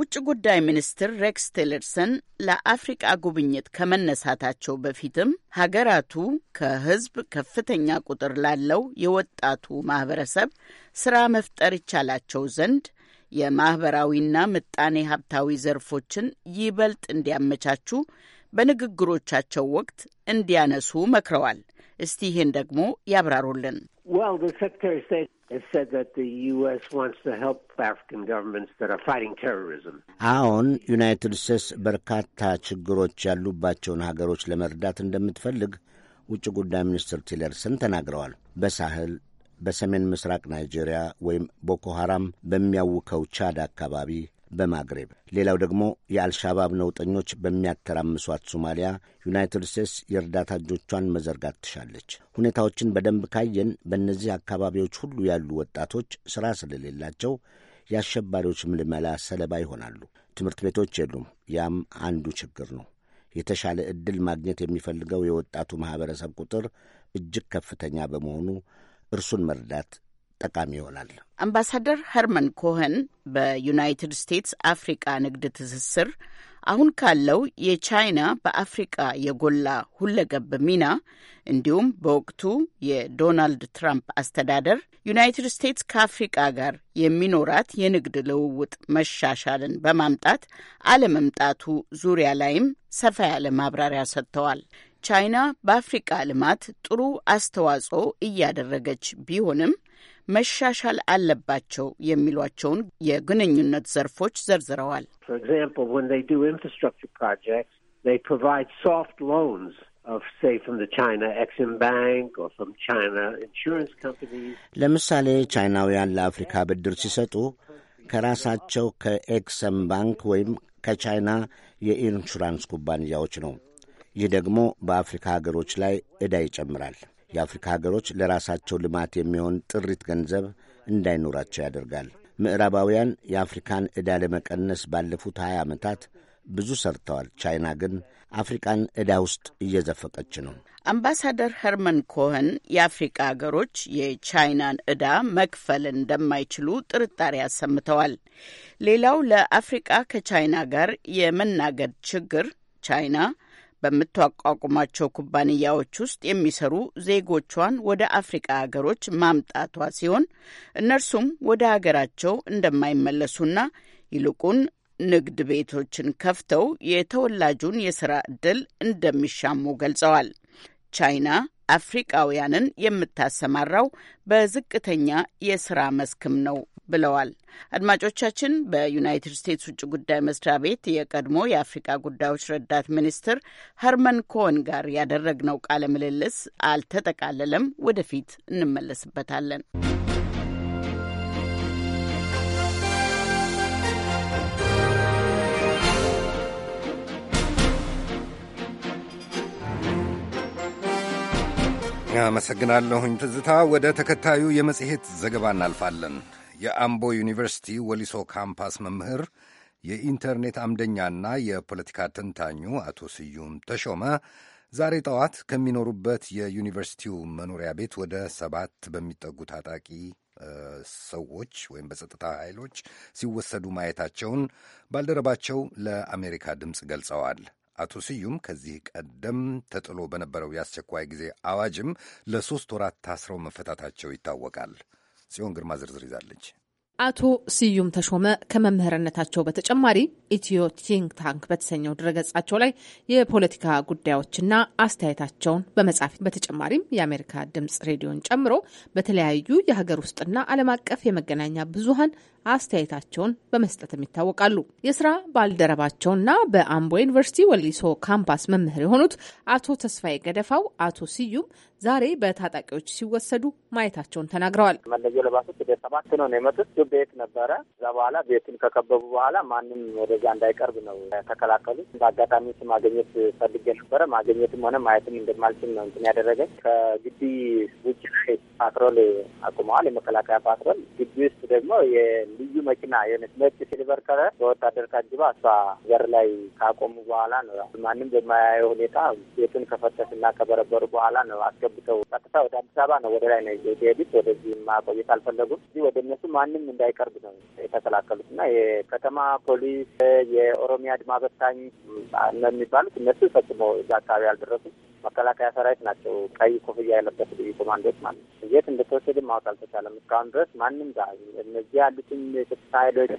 ውጭ ጉዳይ ሚኒስትር ሬክስ ቲለርሰን ለአፍሪቃ ጉብኝት ከመነሳታቸው በፊትም ሀገራቱ ከህዝብ ከፍተኛ ቁጥር ላለው የወጣቱ ማህበረሰብ ስራ መፍጠር ይቻላቸው ዘንድ የማኅበራዊና ምጣኔ ሀብታዊ ዘርፎችን ይበልጥ እንዲያመቻቹ በንግግሮቻቸው ወቅት እንዲያነሱ መክረዋል። እስቲ ይህን ደግሞ ያብራሩልን። Well, the Secretary of State has said that the U.S. wants to help African governments that are fighting terrorism. አሁን ዩናይትድ ስቴትስ በርካታ ችግሮች ያሉባቸውን ሀገሮች ለመርዳት እንደምትፈልግ ውጭ ጉዳይ ሚኒስትር ቲለርሰን ተናግረዋል። በሳህል በሰሜን ምስራቅ ናይጄሪያ ወይም ቦኮ ሐራም በሚያውከው ቻድ አካባቢ በማግሬብ ሌላው ደግሞ የአልሻባብ ነውጠኞች በሚያተራምሷት ሶማሊያ ዩናይትድ ስቴትስ የእርዳታ እጆቿን መዘርጋት ትሻለች። ሁኔታዎችን በደንብ ካየን በእነዚህ አካባቢዎች ሁሉ ያሉ ወጣቶች ሥራ ስለሌላቸው የአሸባሪዎች ምልመላ ሰለባ ይሆናሉ። ትምህርት ቤቶች የሉም። ያም አንዱ ችግር ነው። የተሻለ ዕድል ማግኘት የሚፈልገው የወጣቱ ማኅበረሰብ ቁጥር እጅግ ከፍተኛ በመሆኑ እርሱን መርዳት ጠቃሚ ይሆናል። አምባሳደር ሀርመን ኮኸን በዩናይትድ ስቴትስ አፍሪቃ ንግድ ትስስር አሁን ካለው የቻይና በአፍሪቃ የጎላ ሁለገብ ሚና እንዲሁም በወቅቱ የዶናልድ ትራምፕ አስተዳደር ዩናይትድ ስቴትስ ከአፍሪቃ ጋር የሚኖራት የንግድ ልውውጥ መሻሻልን በማምጣት አለመምጣቱ ዙሪያ ላይም ሰፋ ያለ ማብራሪያ ሰጥተዋል። ቻይና በአፍሪቃ ልማት ጥሩ አስተዋጽኦ እያደረገች ቢሆንም መሻሻል አለባቸው የሚሏቸውን የግንኙነት ዘርፎች ዘርዝረዋል። ለምሳሌ ቻይናውያን ለአፍሪካ ብድር ሲሰጡ ከራሳቸው ከኤክሰም ባንክ ወይም ከቻይና የኢንሹራንስ ኩባንያዎች ነው። ይህ ደግሞ በአፍሪካ ሀገሮች ላይ ዕዳ ይጨምራል። የአፍሪካ ሀገሮች ለራሳቸው ልማት የሚሆን ጥሪት ገንዘብ እንዳይኖራቸው ያደርጋል። ምዕራባውያን የአፍሪካን ዕዳ ለመቀነስ ባለፉት 20 ዓመታት ብዙ ሰርተዋል። ቻይና ግን አፍሪቃን ዕዳ ውስጥ እየዘፈቀች ነው። አምባሳደር ሄርመን ኮኸን የአፍሪካ አገሮች የቻይናን ዕዳ መክፈል እንደማይችሉ ጥርጣሬ አሰምተዋል። ሌላው ለአፍሪቃ ከቻይና ጋር የመናገድ ችግር ቻይና በምታቋቁማቸው ኩባንያዎች ውስጥ የሚሰሩ ዜጎቿን ወደ አፍሪቃ ሀገሮች ማምጣቷ ሲሆን እነርሱም ወደ ሀገራቸው እንደማይመለሱና ይልቁን ንግድ ቤቶችን ከፍተው የተወላጁን የሥራ ዕድል እንደሚሻሙ ገልጸዋል። ቻይና አፍሪቃውያንን የምታሰማራው በዝቅተኛ የሥራ መስክም ነው ብለዋል። አድማጮቻችን፣ በዩናይትድ ስቴትስ ውጭ ጉዳይ መስሪያ ቤት የቀድሞ የአፍሪካ ጉዳዮች ረዳት ሚኒስትር ሀርመን ኮን ጋር ያደረግነው ቃለ ምልልስ አልተጠቃለለም። ወደፊት እንመለስበታለን። አመሰግናለሁኝ ትዝታ። ወደ ተከታዩ የመጽሔት ዘገባ እናልፋለን። የአምቦ ዩኒቨርሲቲ ወሊሶ ካምፓስ መምህር የኢንተርኔት አምደኛና የፖለቲካ ተንታኙ አቶ ስዩም ተሾመ ዛሬ ጠዋት ከሚኖሩበት የዩኒቨርሲቲው መኖሪያ ቤት ወደ ሰባት በሚጠጉ ታጣቂ ሰዎች ወይም በጸጥታ ኃይሎች ሲወሰዱ ማየታቸውን ባልደረባቸው ለአሜሪካ ድምፅ ገልጸዋል። አቶ ስዩም ከዚህ ቀደም ተጥሎ በነበረው የአስቸኳይ ጊዜ አዋጅም ለሶስት ወራት ታስረው መፈታታቸው ይታወቃል። ጽዮን ግርማ ዝርዝር ይዛለች። አቶ ስዩም ተሾመ ከመምህርነታቸው በተጨማሪ ኢትዮ ቲንክ ታንክ በተሰኘው ድረገጻቸው ላይ የፖለቲካ ጉዳዮችና አስተያየታቸውን በመጻፍ በተጨማሪም የአሜሪካ ድምጽ ሬዲዮን ጨምሮ በተለያዩ የሀገር ውስጥና ዓለም አቀፍ የመገናኛ ብዙሀን አስተያየታቸውን በመስጠትም ይታወቃሉ። የስራ ባልደረባቸውና በአምቦ ዩኒቨርሲቲ ወሊሶ ካምፓስ መምህር የሆኑት አቶ ተስፋዬ ገደፋው አቶ ስዩም ዛሬ በታጣቂዎች ሲወሰዱ ማየታቸውን ተናግረዋል። መለየ ለባሶች ወደ ሰባት ነው ነው የመጡት። ቤት ነበረ። እዛ በኋላ ቤትን ከከበቡ በኋላ ማንም ወደዛ እንዳይቀርብ ነው ተከላከሉ። በአጋጣሚ ማገኘት ፈልጌ ነበረ። ማገኘትም ሆነ ማየትም እንደማልችል ነው እንትን ያደረገኝ። ከግቢ ውጭ ፓትሮል አቁመዋል። የመከላከያ ፓትሮል ግቢ ውስጥ ደግሞ ልዩ መኪና የሆነች ነጭ ሲልቨር ከለር በወታደር ታጅባ እሷ በር ላይ ካቆሙ በኋላ ነው ማንም በማያየ ሁኔታ ቤቱን ከፈተሽና ከበረበሩ በኋላ ነው አስገብተው ቀጥታ ወደ አዲስ አበባ ነው ወደ ላይ ነው የሄዱት። ወደዚህ ማቆየት አልፈለጉም። እዚህ ወደ እነሱ ማንም እንዳይቀርብ ነው የተከላከሉት እና የከተማ ፖሊስ፣ የኦሮሚያ አድማ በታኝ ነው የሚባሉት እነሱ ፈጽሞ እዛ አካባቢ አልደረሱም። መከላከያ ሰራዊት ናቸው። ቀይ ኮፍያ ያለበት ልዩ ኮማንዶች ማለት ነው። የት እንደተወሰድን ማወቅ አልተቻለም እስካሁን ድረስ ማንም ጋ እነዚህ ያሉትን የጸጥታ ኃይሎች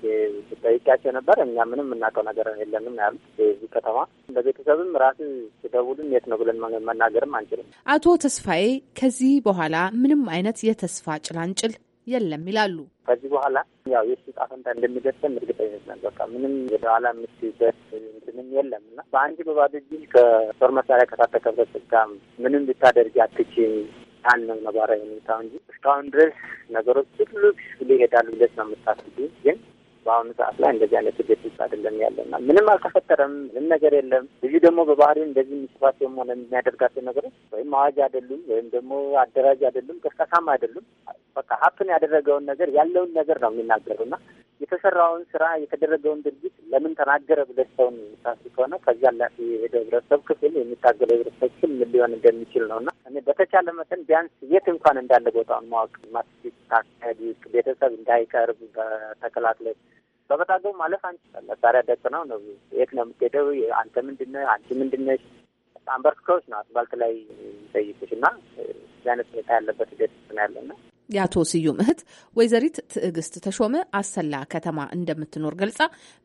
ጠይቂያቸው ነበር። እኛ ምንም የምናውቀው ነገር የለንም ያሉት የዚህ ከተማ ለቤተሰብም ራስ ስደውልን የት ነው ብለን መናገርም አንችልም። አቶ ተስፋዬ ከዚህ በኋላ ምንም አይነት የተስፋ ጭላንጭል የለም ይላሉ። ከዚህ በኋላ ያው የሱ ዕጣ ፈንታ እንደሚደርሰን እርግጠኞች ነን። በቃ ምንም ወደኋላ የምትይበት እንትንም የለም እና በአንድ በባዶ እጅ ከጦር መሳሪያ ከታጠቀበት ጋር ምንም ልታደርጊ አትችይም ነው ነባራዊ ሁኔታ እንጂ እስካሁን ድረስ ነገሮች ሁሉ ሊሄዳሉ ብለሽ ነው የምታስቢ ግን በአሁኑ ሰዓት ላይ እንደዚህ አይነት ሂደት ውስጥ አይደለም ያለና ምንም አልተፈጠረም፣ ምንም ነገር የለም። ልዩ ደግሞ በባህሪው እንደዚህ የሚስባቸው ሆነ የሚያደርጋቸው ነገሮች ወይም አዋጅ አይደሉም፣ ወይም ደግሞ አደራጅ አይደሉም፣ ቅስቀሳም አይደሉም። በቃ ሀፕን ያደረገውን ነገር ያለውን ነገር ነው የሚናገሩና የተሰራውን ስራ የተደረገውን ድርጊት ለምን ተናገረ ብለህ ሰውን ታስብ ከሆነ ከዚያ ላፊ የሄደ ህብረተሰብ ክፍል የሚታገለው ህብረተሰብ ክፍል ምን ሊሆን እንደሚችል ነው እና እኔ በተቻለ መጠን ቢያንስ የት እንኳን እንዳለ ቦታውን ማወቅ ማስፊት ታካሄድ ቤተሰብ እንዳይቀርብ በተከላክለ በመጣገብ ማለፍ አንችላል። መሳሪያ ደቅ ነው ነው የት ነው የምትሄደው? አንተ ምንድነ አንቺ ምንድነሽ? በጣም ነው አስፋልት ላይ የሚጠይቁሽ እና ያነት ሁኔታ ያለበት ሂደት ያለ ያለና የአቶ ስዩም እህት ወይዘሪት ትዕግስት ተሾመ አሰላ ከተማ እንደምትኖር ገልጻ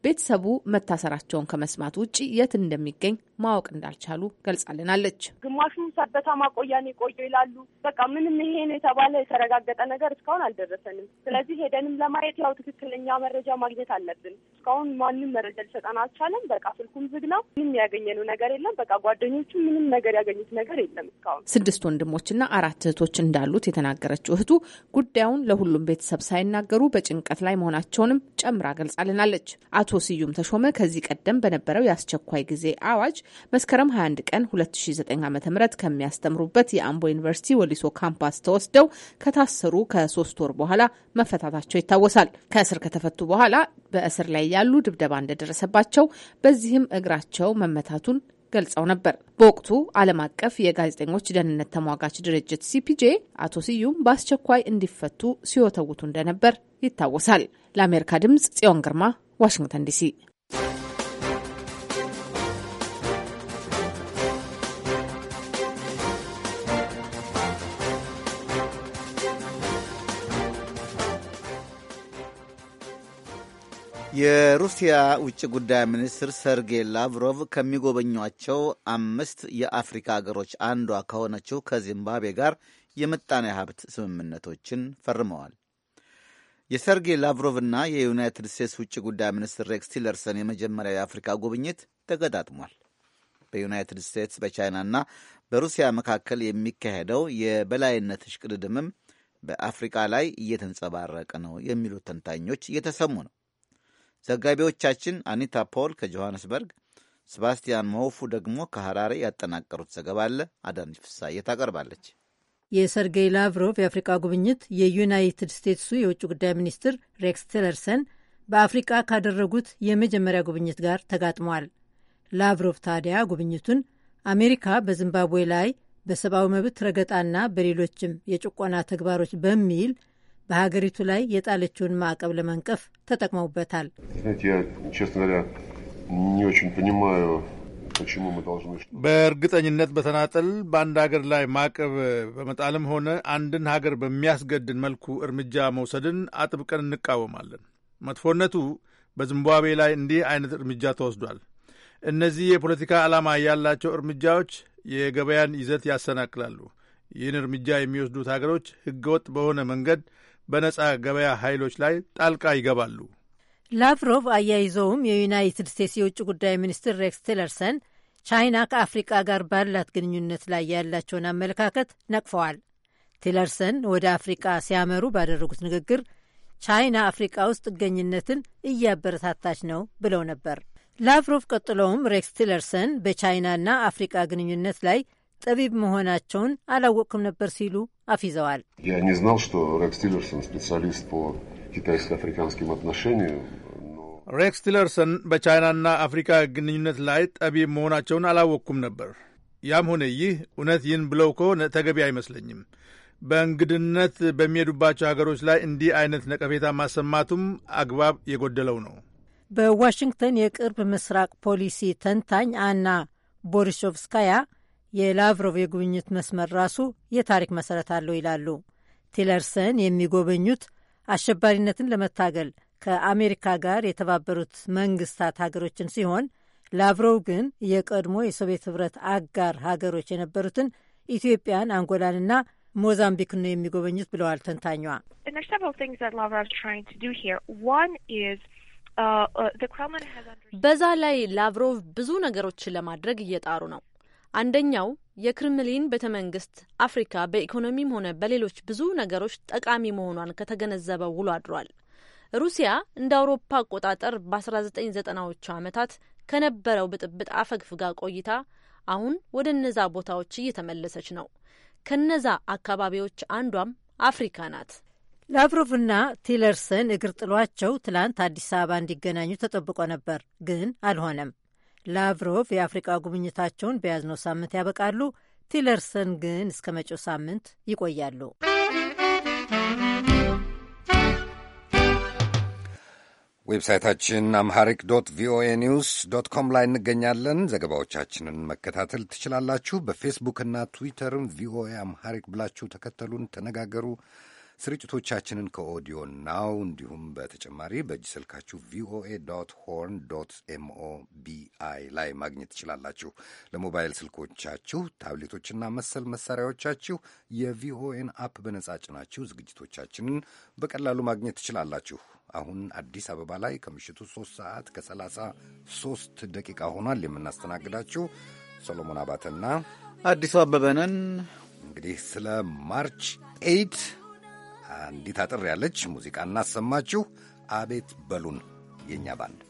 ቤተሰቡ መታሰራቸውን ከመስማት ውጭ የት እንደሚገኝ ማወቅ እንዳልቻሉ ገልጻልናለች። ግማሹ ሰበታ ማቆያ ነው የቆየው ይላሉ። በቃ ምንም ይሄን የተባለ የተረጋገጠ ነገር እስካሁን አልደረሰንም። ስለዚህ ሄደንም ለማየት ያው ትክክለኛ መረጃ ማግኘት አለብን። እስካሁን ማንም መረጃ ሊሰጠን አልቻለም። በቃ ስልኩም ዝግ ነው። ምንም ያገኘነው ነገር የለም። በቃ ጓደኞቹ ምንም ነገር ያገኙት ነገር የለም። እስካሁን ስድስት ወንድሞችና አራት እህቶች እንዳሉት የተናገረችው እህቱ ጉዳዩን ለሁሉም ቤተሰብ ሳይናገሩ በጭንቀት ላይ መሆናቸውንም ጨምራ ገልጻልናለች። አቶ ስዩም ተሾመ ከዚህ ቀደም በነበረው የአስቸኳይ ጊዜ አዋጅ መስከረም 21 ቀን 2009 ዓ ም ከሚያስተምሩበት የአምቦ ዩኒቨርሲቲ ወሊሶ ካምፓስ ተወስደው ከታሰሩ ከሶስት ወር በኋላ መፈታታቸው ይታወሳል። ከእስር ከተፈቱ በኋላ በእስር ላይ ያሉ ድብደባ እንደደረሰባቸው በዚህም እግራቸው መመታቱን ገልጸው ነበር። በወቅቱ ዓለም አቀፍ የጋዜጠኞች ደህንነት ተሟጋች ድርጅት ሲፒጄ አቶ ስዩም በአስቸኳይ እንዲፈቱ ሲወተውቱ እንደነበር ይታወሳል። ለአሜሪካ ድምጽ ጽዮን ግርማ ዋሽንግተን ዲሲ የሩሲያ ውጭ ጉዳይ ሚኒስትር ሰርጌይ ላቭሮቭ ከሚጎበኟቸው አምስት የአፍሪካ አገሮች አንዷ ከሆነችው ከዚምባብዌ ጋር የምጣኔ ሀብት ስምምነቶችን ፈርመዋል። የሰርጌይ ላቭሮቭና የዩናይትድ ስቴትስ ውጭ ጉዳይ ሚኒስትር ሬክስ ቲለርሰን የመጀመሪያው የአፍሪካ ጉብኝት ተገጣጥሟል። በዩናይትድ ስቴትስ በቻይናና በሩሲያ መካከል የሚካሄደው የበላይነት እሽቅድድምም በአፍሪካ ላይ እየተንጸባረቀ ነው የሚሉት ተንታኞች እየተሰሙ ነው። ዘጋቢዎቻችን አኒታ ፖል ከጆሃንስበርግ ሰባስቲያን መውፉ ደግሞ ከሐራሬ ያጠናቀሩት ዘገባ አለ። አዳነች ፍሳዬ ታቀርባለች። የሰርጌይ ላቭሮቭ የአፍሪቃ ጉብኝት የዩናይትድ ስቴትሱ የውጭ ጉዳይ ሚኒስትር ሬክስ ቲለርሰን በአፍሪቃ ካደረጉት የመጀመሪያ ጉብኝት ጋር ተጋጥሟል። ላቭሮቭ ታዲያ ጉብኝቱን አሜሪካ በዚምባብዌ ላይ በሰብአዊ መብት ረገጣና በሌሎችም የጭቆና ተግባሮች በሚል በሀገሪቱ ላይ የጣለችውን ማዕቀብ ለመንቀፍ ተጠቅመውበታል። በእርግጠኝነት በተናጠል በአንድ ሀገር ላይ ማዕቀብ በመጣልም ሆነ አንድን ሀገር በሚያስገድን መልኩ እርምጃ መውሰድን አጥብቀን እንቃወማለን። መጥፎነቱ በዚምባብዌ ላይ እንዲህ አይነት እርምጃ ተወስዷል። እነዚህ የፖለቲካ ዓላማ ያላቸው እርምጃዎች የገበያን ይዘት ያሰናክላሉ። ይህን እርምጃ የሚወስዱት ሀገሮች ሕገወጥ በሆነ መንገድ በነጻ ገበያ ኃይሎች ላይ ጣልቃ ይገባሉ። ላቭሮቭ አያይዘውም የዩናይትድ ስቴትስ የውጭ ጉዳይ ሚኒስትር ሬክስ ቲለርሰን ቻይና ከአፍሪቃ ጋር ባላት ግንኙነት ላይ ያላቸውን አመለካከት ነቅፈዋል። ቲለርሰን ወደ አፍሪቃ ሲያመሩ ባደረጉት ንግግር ቻይና አፍሪቃ ውስጥ ጥገኝነትን እያበረታታች ነው ብለው ነበር። ላቭሮቭ ቀጥለውም ሬክስ ቲለርሰን በቻይናና አፍሪቃ ግንኙነት ላይ ጠቢብ መሆናቸውን አላወቅኩም ነበር ሲሉ አፊዘዋል። ሬክስ ቲለርሰን በቻይናና አፍሪካ ግንኙነት ላይ ጠቢብ መሆናቸውን አላወቅኩም ነበር። ያም ሆነ ይህ እውነት ይህን ብለው ከሆነ ተገቢ አይመስለኝም። በእንግድነት በሚሄዱባቸው ሀገሮች ላይ እንዲህ አይነት ነቀፌታ ማሰማቱም አግባብ የጎደለው ነው። በዋሽንግተን የቅርብ ምስራቅ ፖሊሲ ተንታኝ አና ቦሪሶቭስካያ የላቭሮቭ የጉብኝት መስመር ራሱ የታሪክ መሰረት አለው ይላሉ ቲለርሰን። የሚጎበኙት አሸባሪነትን ለመታገል ከአሜሪካ ጋር የተባበሩት መንግስታት ሀገሮችን ሲሆን ላቭሮቭ ግን የቀድሞ የሶቪየት ህብረት አጋር ሀገሮች የነበሩትን ኢትዮጵያን፣ አንጎላንና ሞዛምቢክን ነው የሚጎበኙት ብለዋል ተንታኟ። uh, uh, በዛ ላይ ላቭሮቭ ብዙ ነገሮችን ለማድረግ እየጣሩ ነው። አንደኛው የክሬምሊን ቤተ መንግስት አፍሪካ በኢኮኖሚም ሆነ በሌሎች ብዙ ነገሮች ጠቃሚ መሆኗን ከተገነዘበ ውሎ አድሯል። ሩሲያ እንደ አውሮፓ አቆጣጠር በ1990ዎቹ ዓመታት ከነበረው ብጥብጥ አፈግፍጋ ቆይታ አሁን ወደ እነዛ ቦታዎች እየተመለሰች ነው። ከነዛ አካባቢዎች አንዷም አፍሪካ ናት። ላቭሮቭና ቲለርሰን እግር ጥሏቸው ትላንት አዲስ አበባ እንዲገናኙ ተጠብቆ ነበር፣ ግን አልሆነም። ላቭሮቭ የአፍሪቃ ጉብኝታቸውን በያዝነው ሳምንት ያበቃሉ። ቲለርሰን ግን እስከ መጪው ሳምንት ይቆያሉ። ዌብሳይታችን አምሃሪክ ዶት ቪኦኤ ኒውስ ዶት ኮም ላይ እንገኛለን። ዘገባዎቻችንን መከታተል ትችላላችሁ። በፌስቡክና ትዊተርም ቪኦኤ አምሃሪክ ብላችሁ ተከተሉን፣ ተነጋገሩ፣ ስርጭቶቻችንን ከኦዲዮ ናው እንዲሁም በተጨማሪ በእጅ ስልካችሁ ቪኦኤ ዶት ሆርን ዶት ኤምኦቢአይ ላይ ማግኘት ትችላላችሁ። ለሞባይል ስልኮቻችሁ፣ ታብሌቶችና መሰል መሳሪያዎቻችሁ የቪኦኤን አፕ በነጻ ጭናችሁ ዝግጅቶቻችንን በቀላሉ ማግኘት ትችላላችሁ። አሁን አዲስ አበባ ላይ ከምሽቱ 3 ሰዓት ከ33 ደቂቃ ሆኗል። የምናስተናግዳችሁ ሰሎሞን አባተና አዲሱ አበበ ነን። እንግዲህ ስለ ማርች ኤይት አንዲት አጠር ያለች ሙዚቃ እናሰማችሁ። አቤት በሉን የእኛ ባንድ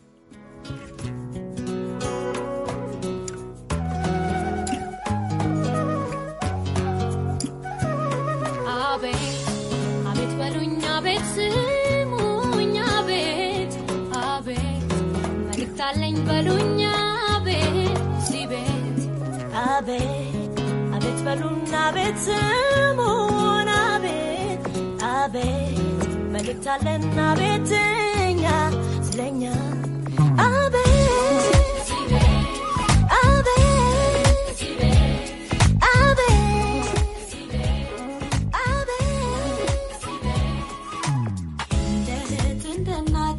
Abet, abet, balun, abet, semu አቤት መልእክታለና ቤትኛ ስለኛ አቤት አቤት አቤት አቤት እንደ እህት እንደ እናት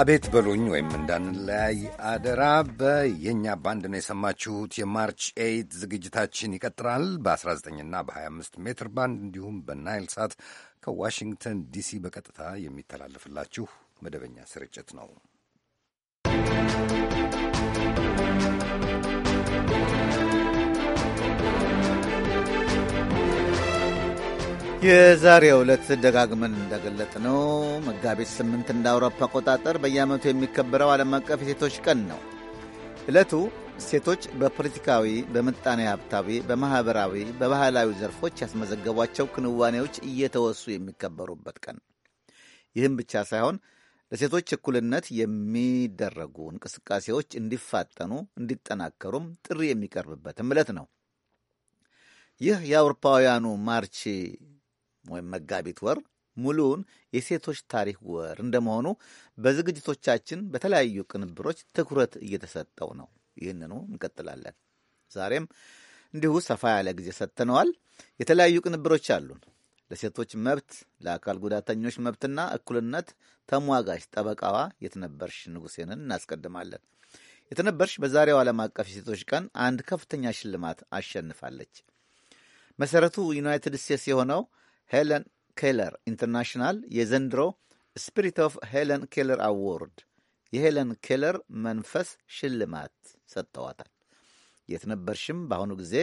አቤት በሉኝ ወይም እንዳንለያይ አደራ በየኛ ባንድ ነው የሰማችሁት። የማርች ኤይት ዝግጅታችን ይቀጥላል። በ19ና በ25 ሜትር ባንድ እንዲሁም በናይል ሳት ከዋሽንግተን ዲሲ በቀጥታ የሚተላለፍላችሁ መደበኛ ስርጭት ነው። የዛሬ ዕለት ደጋግመን ነው መጋቢት ስምንት እንደ አውሮፓ አቆጣጠር በየዓመቱ የሚከበረው ዓለም አቀፍ የሴቶች ቀን ነው። ዕለቱ ሴቶች በፖለቲካዊ፣ በምጣኔ ሀብታዊ፣ በማኅበራዊ፣ በባህላዊ ዘርፎች ያስመዘገቧቸው ክንዋኔዎች እየተወሱ የሚከበሩበት ቀን። ይህም ብቻ ሳይሆን ለሴቶች እኩልነት የሚደረጉ እንቅስቃሴዎች እንዲፋጠኑ እንዲጠናከሩም ጥሪ የሚቀርብበትም ዕለት ነው። ይህ የአውሮፓውያኑ ማርች ወይም መጋቢት ወር ሙሉውን የሴቶች ታሪክ ወር እንደመሆኑ በዝግጅቶቻችን በተለያዩ ቅንብሮች ትኩረት እየተሰጠው ነው። ይህንኑ እንቀጥላለን። ዛሬም እንዲሁ ሰፋ ያለ ጊዜ ሰጥተነዋል። የተለያዩ ቅንብሮች አሉን። ለሴቶች መብት፣ ለአካል ጉዳተኞች መብትና እኩልነት ተሟጋች ጠበቃዋ የትነበርሽ ንጉሴንን እናስቀድማለን። የተነበርሽ በዛሬው ዓለም አቀፍ የሴቶች ቀን አንድ ከፍተኛ ሽልማት አሸንፋለች። መሰረቱ ዩናይትድ ስቴትስ የሆነው ሄለን ኬለር ኢንተርናሽናል የዘንድሮ ስፒሪት ኦፍ ሄለን ኬለር አዎርድ የሄለን ኬለር መንፈስ ሽልማት ሰጥተዋታል። የት ነበርሽም በአሁኑ ጊዜ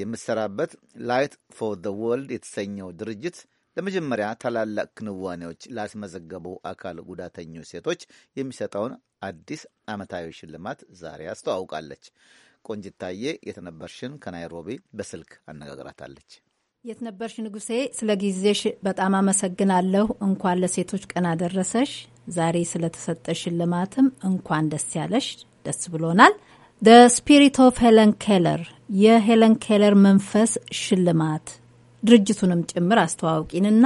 የምትሰራበት ላይት ፎ ዘ ወርልድ የተሰኘው ድርጅት ለመጀመሪያ ታላላቅ ክንዋኔዎች ላስመዘገቡ አካል ጉዳተኞች ሴቶች የሚሰጠውን አዲስ ዓመታዊ ሽልማት ዛሬ አስተዋውቃለች። ቆንጅታዬ የተነበርሽን ከናይሮቢ በስልክ አነጋግራታለች። የት ነበርሽ ንጉሴ? ስለ ጊዜሽ በጣም አመሰግናለሁ። እንኳን ለሴቶች ቀን አደረሰሽ። ዛሬ ስለተሰጠሽ ሽልማትም እንኳን ደስ ያለሽ። ደስ ብሎናል። ደ ስፒሪት ኦፍ ሄለን ኬለር የሄለን ኬለር መንፈስ ሽልማት ድርጅቱንም ጭምር አስተዋውቂንና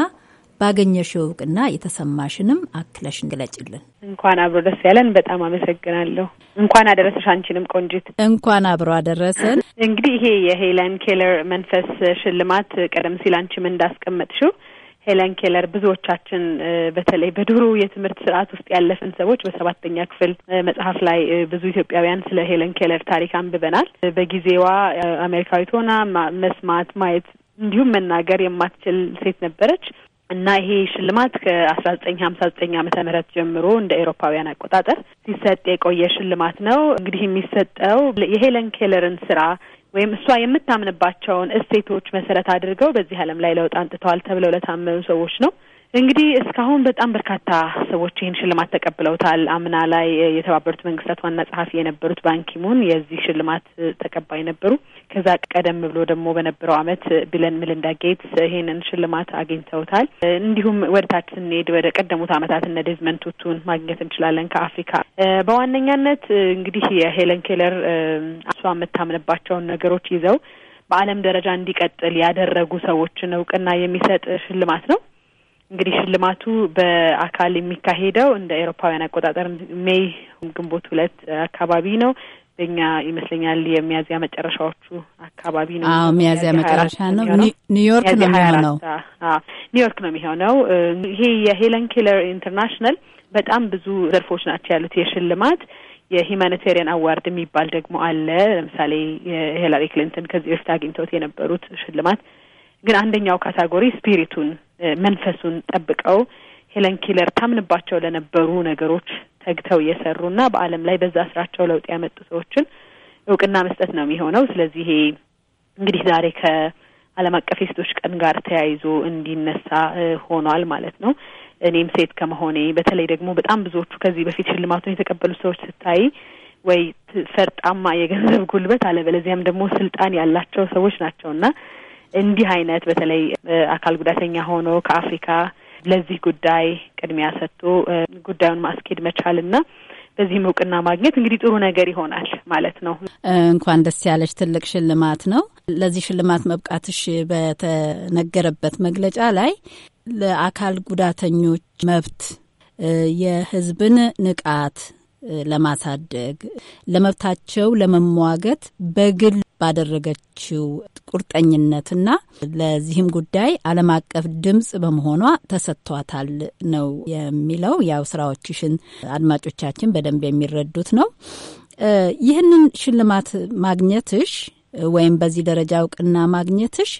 ባገኘሽው እውቅና የተሰማሽንም አክለሽ እንግለጭልን። እንኳን አብሮ ደስ ያለን። በጣም አመሰግናለሁ። እንኳን አደረሰሽ። አንቺንም ቆንጂት እንኳን አብሮ አደረሰን። እንግዲህ ይሄ የሄለን ኬለር መንፈስ ሽልማት ቀደም ሲል አንቺም እንዳስቀመጥሽው ሄለን ኬለር ብዙዎቻችን በተለይ በድሮ የትምህርት ስርዓት ውስጥ ያለፍን ሰዎች በሰባተኛ ክፍል መጽሐፍ ላይ ብዙ ኢትዮጵያውያን ስለ ሄለን ኬለር ታሪክ አንብበናል። በጊዜዋ አሜሪካዊት ሆና መስማት ማየት እንዲሁም መናገር የማትችል ሴት ነበረች። እና ይሄ ሽልማት ከአስራ ዘጠኝ ሀምሳ ዘጠኝ ዓመተ ምህረት ጀምሮ እንደ ኤሮፓውያን አቆጣጠር ሲሰጥ የቆየ ሽልማት ነው። እንግዲህ የሚሰጠው የሄለን ኬለርን ስራ ወይም እሷ የምታምንባቸውን እሴቶች መሰረት አድርገው በዚህ ዓለም ላይ ለውጥ አንጥተዋል ተብለው ለታመኑ ሰዎች ነው። እንግዲህ እስካሁን በጣም በርካታ ሰዎች ይህን ሽልማት ተቀብለውታል። አምና ላይ የተባበሩት መንግስታት ዋና ጸሐፊ የነበሩት ባንኪሙን የዚህ ሽልማት ተቀባይ ነበሩ። ከዛ ቀደም ብሎ ደግሞ በነበረው አመት ቢለን ምልንዳ ጌትስ ይህንን ሽልማት አግኝተውታል። እንዲሁም ወደ ታች ስንሄድ ወደ ቀደሙት አመታት እነ ዴዝመንድ ቱቱን ማግኘት እንችላለን። ከአፍሪካ በዋነኛነት እንግዲህ የሄለን ኬለር እሷ የምታምንባቸውን ነገሮች ይዘው በዓለም ደረጃ እንዲቀጥል ያደረጉ ሰዎችን እውቅና የሚሰጥ ሽልማት ነው። እንግዲህ ሽልማቱ በአካል የሚካሄደው እንደ ኤሮፓውያን አቆጣጠር ሜይ ግንቦት ሁለት አካባቢ ነው። በኛ ይመስለኛል የሚያዝያ መጨረሻዎቹ አካባቢ ነው። አዎ ሚያዝያ መጨረሻ ነው። ኒውዮርክ ነው የሚሆነው። ኒውዮርክ ነው የሚሆነው። ይሄ የሄለን ኬለር ኢንተርናሽናል በጣም ብዙ ዘርፎች ናቸው ያሉት የሽልማት የሂማኒቴሪያን አዋርድ የሚባል ደግሞ አለ። ለምሳሌ የሂላሪ ክሊንተን ከዚህ በፊት አግኝተውት የነበሩት ሽልማት ግን አንደኛው ካታጎሪ ስፒሪቱን መንፈሱን ጠብቀው ሄለን ኪለር ታምንባቸው ለነበሩ ነገሮች ተግተው እና በዓለም ላይ በዛ ስራቸው ለውጥ ያመጡ ሰዎችን እውቅና መስጠት ነው የሚሆነው። ስለዚህ ይሄ እንግዲህ ዛሬ ከዓለም አቀፍ የሴቶች ቀን ጋር ተያይዞ እንዲነሳ ሆኗል ማለት ነው። እኔም ሴት ከመሆኔ በተለይ ደግሞ በጣም ብዙዎቹ ከዚህ በፊት ሽልማቱን የተቀበሉ ሰዎች ስታይ ወይ ፈርጣማ የገንዘብ ጉልበት አለበለዚያም ደግሞ ስልጣን ያላቸው ሰዎች ናቸውና እንዲህ አይነት በተለይ አካል ጉዳተኛ ሆኖ ከአፍሪካ ለዚህ ጉዳይ ቅድሚያ ሰጥቶ ጉዳዩን ማስኬድ መቻልና በዚህም እውቅና ማግኘት እንግዲህ ጥሩ ነገር ይሆናል ማለት ነው። እንኳን ደስ ያለች ትልቅ ሽልማት ነው። ለዚህ ሽልማት መብቃትሽ በተነገረበት መግለጫ ላይ ለአካል ጉዳተኞች መብት የሕዝብን ንቃት ለማሳደግ ለመብታቸው ለመሟገት በግል ባደረገችው ቁርጠኝነትና ለዚህም ጉዳይ ዓለም አቀፍ ድምጽ በመሆኗ ተሰጥቷታል ነው የሚለው። ያው ስራዎችሽን አድማጮቻችን በደንብ የሚረዱት ነው። ይህንን ሽልማት ማግኘትሽ ወይም በዚህ ደረጃ እውቅና ማግኘትሽ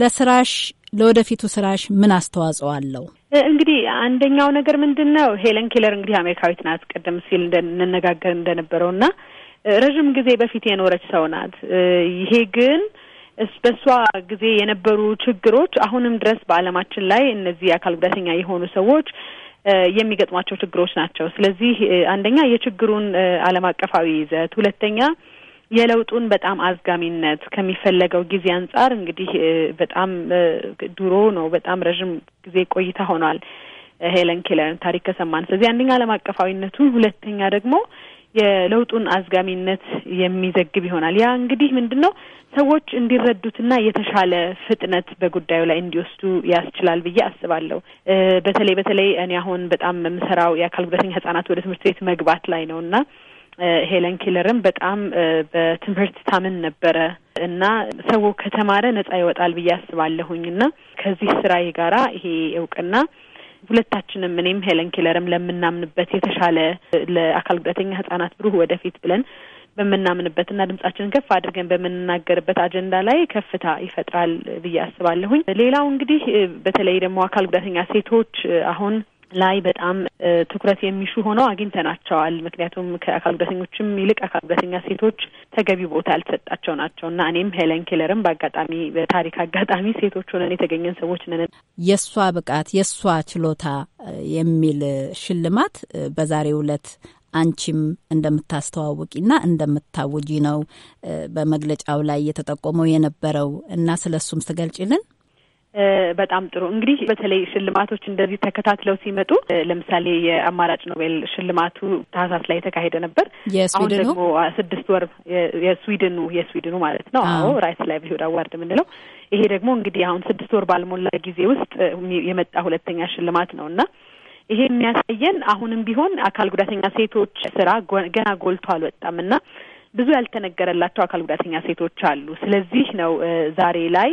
ለስራሽ ለወደፊቱ ስራሽ ምን አስተዋጽኦ አለው? እንግዲህ አንደኛው ነገር ምንድን ነው፣ ሄለን ኬለር እንግዲህ አሜሪካዊት ናት። ቀደም ሲል እንነጋገር እንደነበረው እና ረዥም ጊዜ በፊት የኖረች ሰው ናት። ይሄ ግን በእሷ ጊዜ የነበሩ ችግሮች አሁንም ድረስ በዓለማችን ላይ እነዚህ የአካል ጉዳተኛ የሆኑ ሰዎች የሚገጥሟቸው ችግሮች ናቸው። ስለዚህ አንደኛ የችግሩን ዓለም አቀፋዊ ይዘት፣ ሁለተኛ የለውጡን በጣም አዝጋሚነት ከሚፈለገው ጊዜ አንጻር እንግዲህ በጣም ድሮ ነው፣ በጣም ረዥም ጊዜ ቆይታ ሆኗል ሄለን ኬለርን ታሪክ ከሰማን። ስለዚህ አንደኛ ዓለም አቀፋዊነቱን፣ ሁለተኛ ደግሞ የለውጡን አዝጋሚነት የሚዘግብ ይሆናል። ያ እንግዲህ ምንድን ነው ሰዎች እንዲረዱትና የተሻለ ፍጥነት በጉዳዩ ላይ እንዲወስዱ ያስችላል ብዬ አስባለሁ። በተለይ በተለይ እኔ አሁን በጣም የምሰራው የአካል ጉዳተኛ ህጻናት ወደ ትምህርት ቤት መግባት ላይ ነው እና ሄለን ኪለርም በጣም በትምህርት ታምን ነበረ እና ሰው ከተማረ ነጻ ይወጣል ብዬ አስባለሁኝ እና ከዚህ ስራዬ ጋራ ይሄ እውቅና ሁለታችንም እኔም ሄለን ኬለርም ለምናምንበት የተሻለ ለአካል ጉዳተኛ ህጻናት ብሩህ ወደፊት ብለን በምናምንበትና ድምጻችንን ከፍ አድርገን በምንናገርበት አጀንዳ ላይ ከፍታ ይፈጥራል ብዬ አስባለሁኝ። ሌላው እንግዲህ በተለይ ደግሞ አካል ጉዳተኛ ሴቶች አሁን ላይ በጣም ትኩረት የሚሹ ሆነው አግኝተናቸዋል። ምክንያቱም ከአካል ጉዳተኞችም ይልቅ አካል ጉዳተኛ ሴቶች ተገቢ ቦታ ያልተሰጣቸው ናቸው እና እኔም ሄለን ኬለርም በአጋጣሚ በታሪክ አጋጣሚ ሴቶች ሆነን የተገኘን ሰዎች ነን። የእሷ ብቃት የእሷ ችሎታ የሚል ሽልማት በዛሬው ዕለት አንቺም እንደምታስተዋውቂና እንደምታውጂ ነው በመግለጫው ላይ የተጠቆመው የነበረው እና ስለ እሱም ስገልጭልን በጣም ጥሩ። እንግዲህ በተለይ ሽልማቶች እንደዚህ ተከታትለው ሲመጡ ለምሳሌ የአማራጭ ኖቤል ሽልማቱ ታህሳስ ላይ የተካሄደ ነበር። አሁን ደግሞ ስድስት ወር የስዊድኑ የስዊድኑ ማለት ነው። አዎ ራይት ላይቭሊሁድ አዋርድ የምንለው ይሄ ደግሞ እንግዲህ አሁን ስድስት ወር ባልሞላ ጊዜ ውስጥ የመጣ ሁለተኛ ሽልማት ነው እና ይሄ የሚያሳየን አሁንም ቢሆን አካል ጉዳተኛ ሴቶች ስራ ገና ጎልቶ አልወጣም እና ብዙ ያልተነገረላቸው አካል ጉዳተኛ ሴቶች አሉ። ስለዚህ ነው ዛሬ ላይ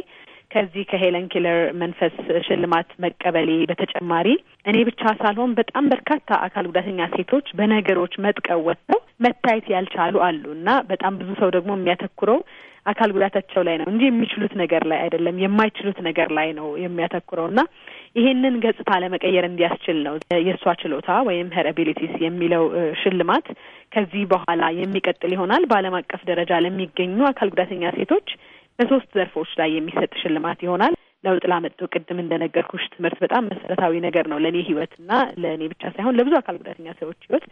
ከዚህ ከሄለን ኪለር መንፈስ ሽልማት መቀበሌ በተጨማሪ እኔ ብቻ ሳልሆን በጣም በርካታ አካል ጉዳተኛ ሴቶች በነገሮች መጥቀው ወጥተው መታየት ያልቻሉ አሉ እና በጣም ብዙ ሰው ደግሞ የሚያተኩረው አካል ጉዳታቸው ላይ ነው እንጂ የሚችሉት ነገር ላይ አይደለም። የማይችሉት ነገር ላይ ነው የሚያተኩረው እና ይሄንን ገጽታ ለመቀየር እንዲያስችል ነው የእሷ ችሎታ ወይም ሄር አቢሊቲስ የሚለው ሽልማት ከዚህ በኋላ የሚቀጥል ይሆናል። በዓለም አቀፍ ደረጃ ለሚገኙ አካል ጉዳተኛ ሴቶች በሶስት ዘርፎች ላይ የሚሰጥ ሽልማት ይሆናል። ለውጥ ላመጡ ቅድም እንደነገርኩሽ ትምህርት በጣም መሰረታዊ ነገር ነው ለእኔ ህይወትና ለእኔ ብቻ ሳይሆን ለብዙ አካል ጉዳተኛ ሰዎች ህይወት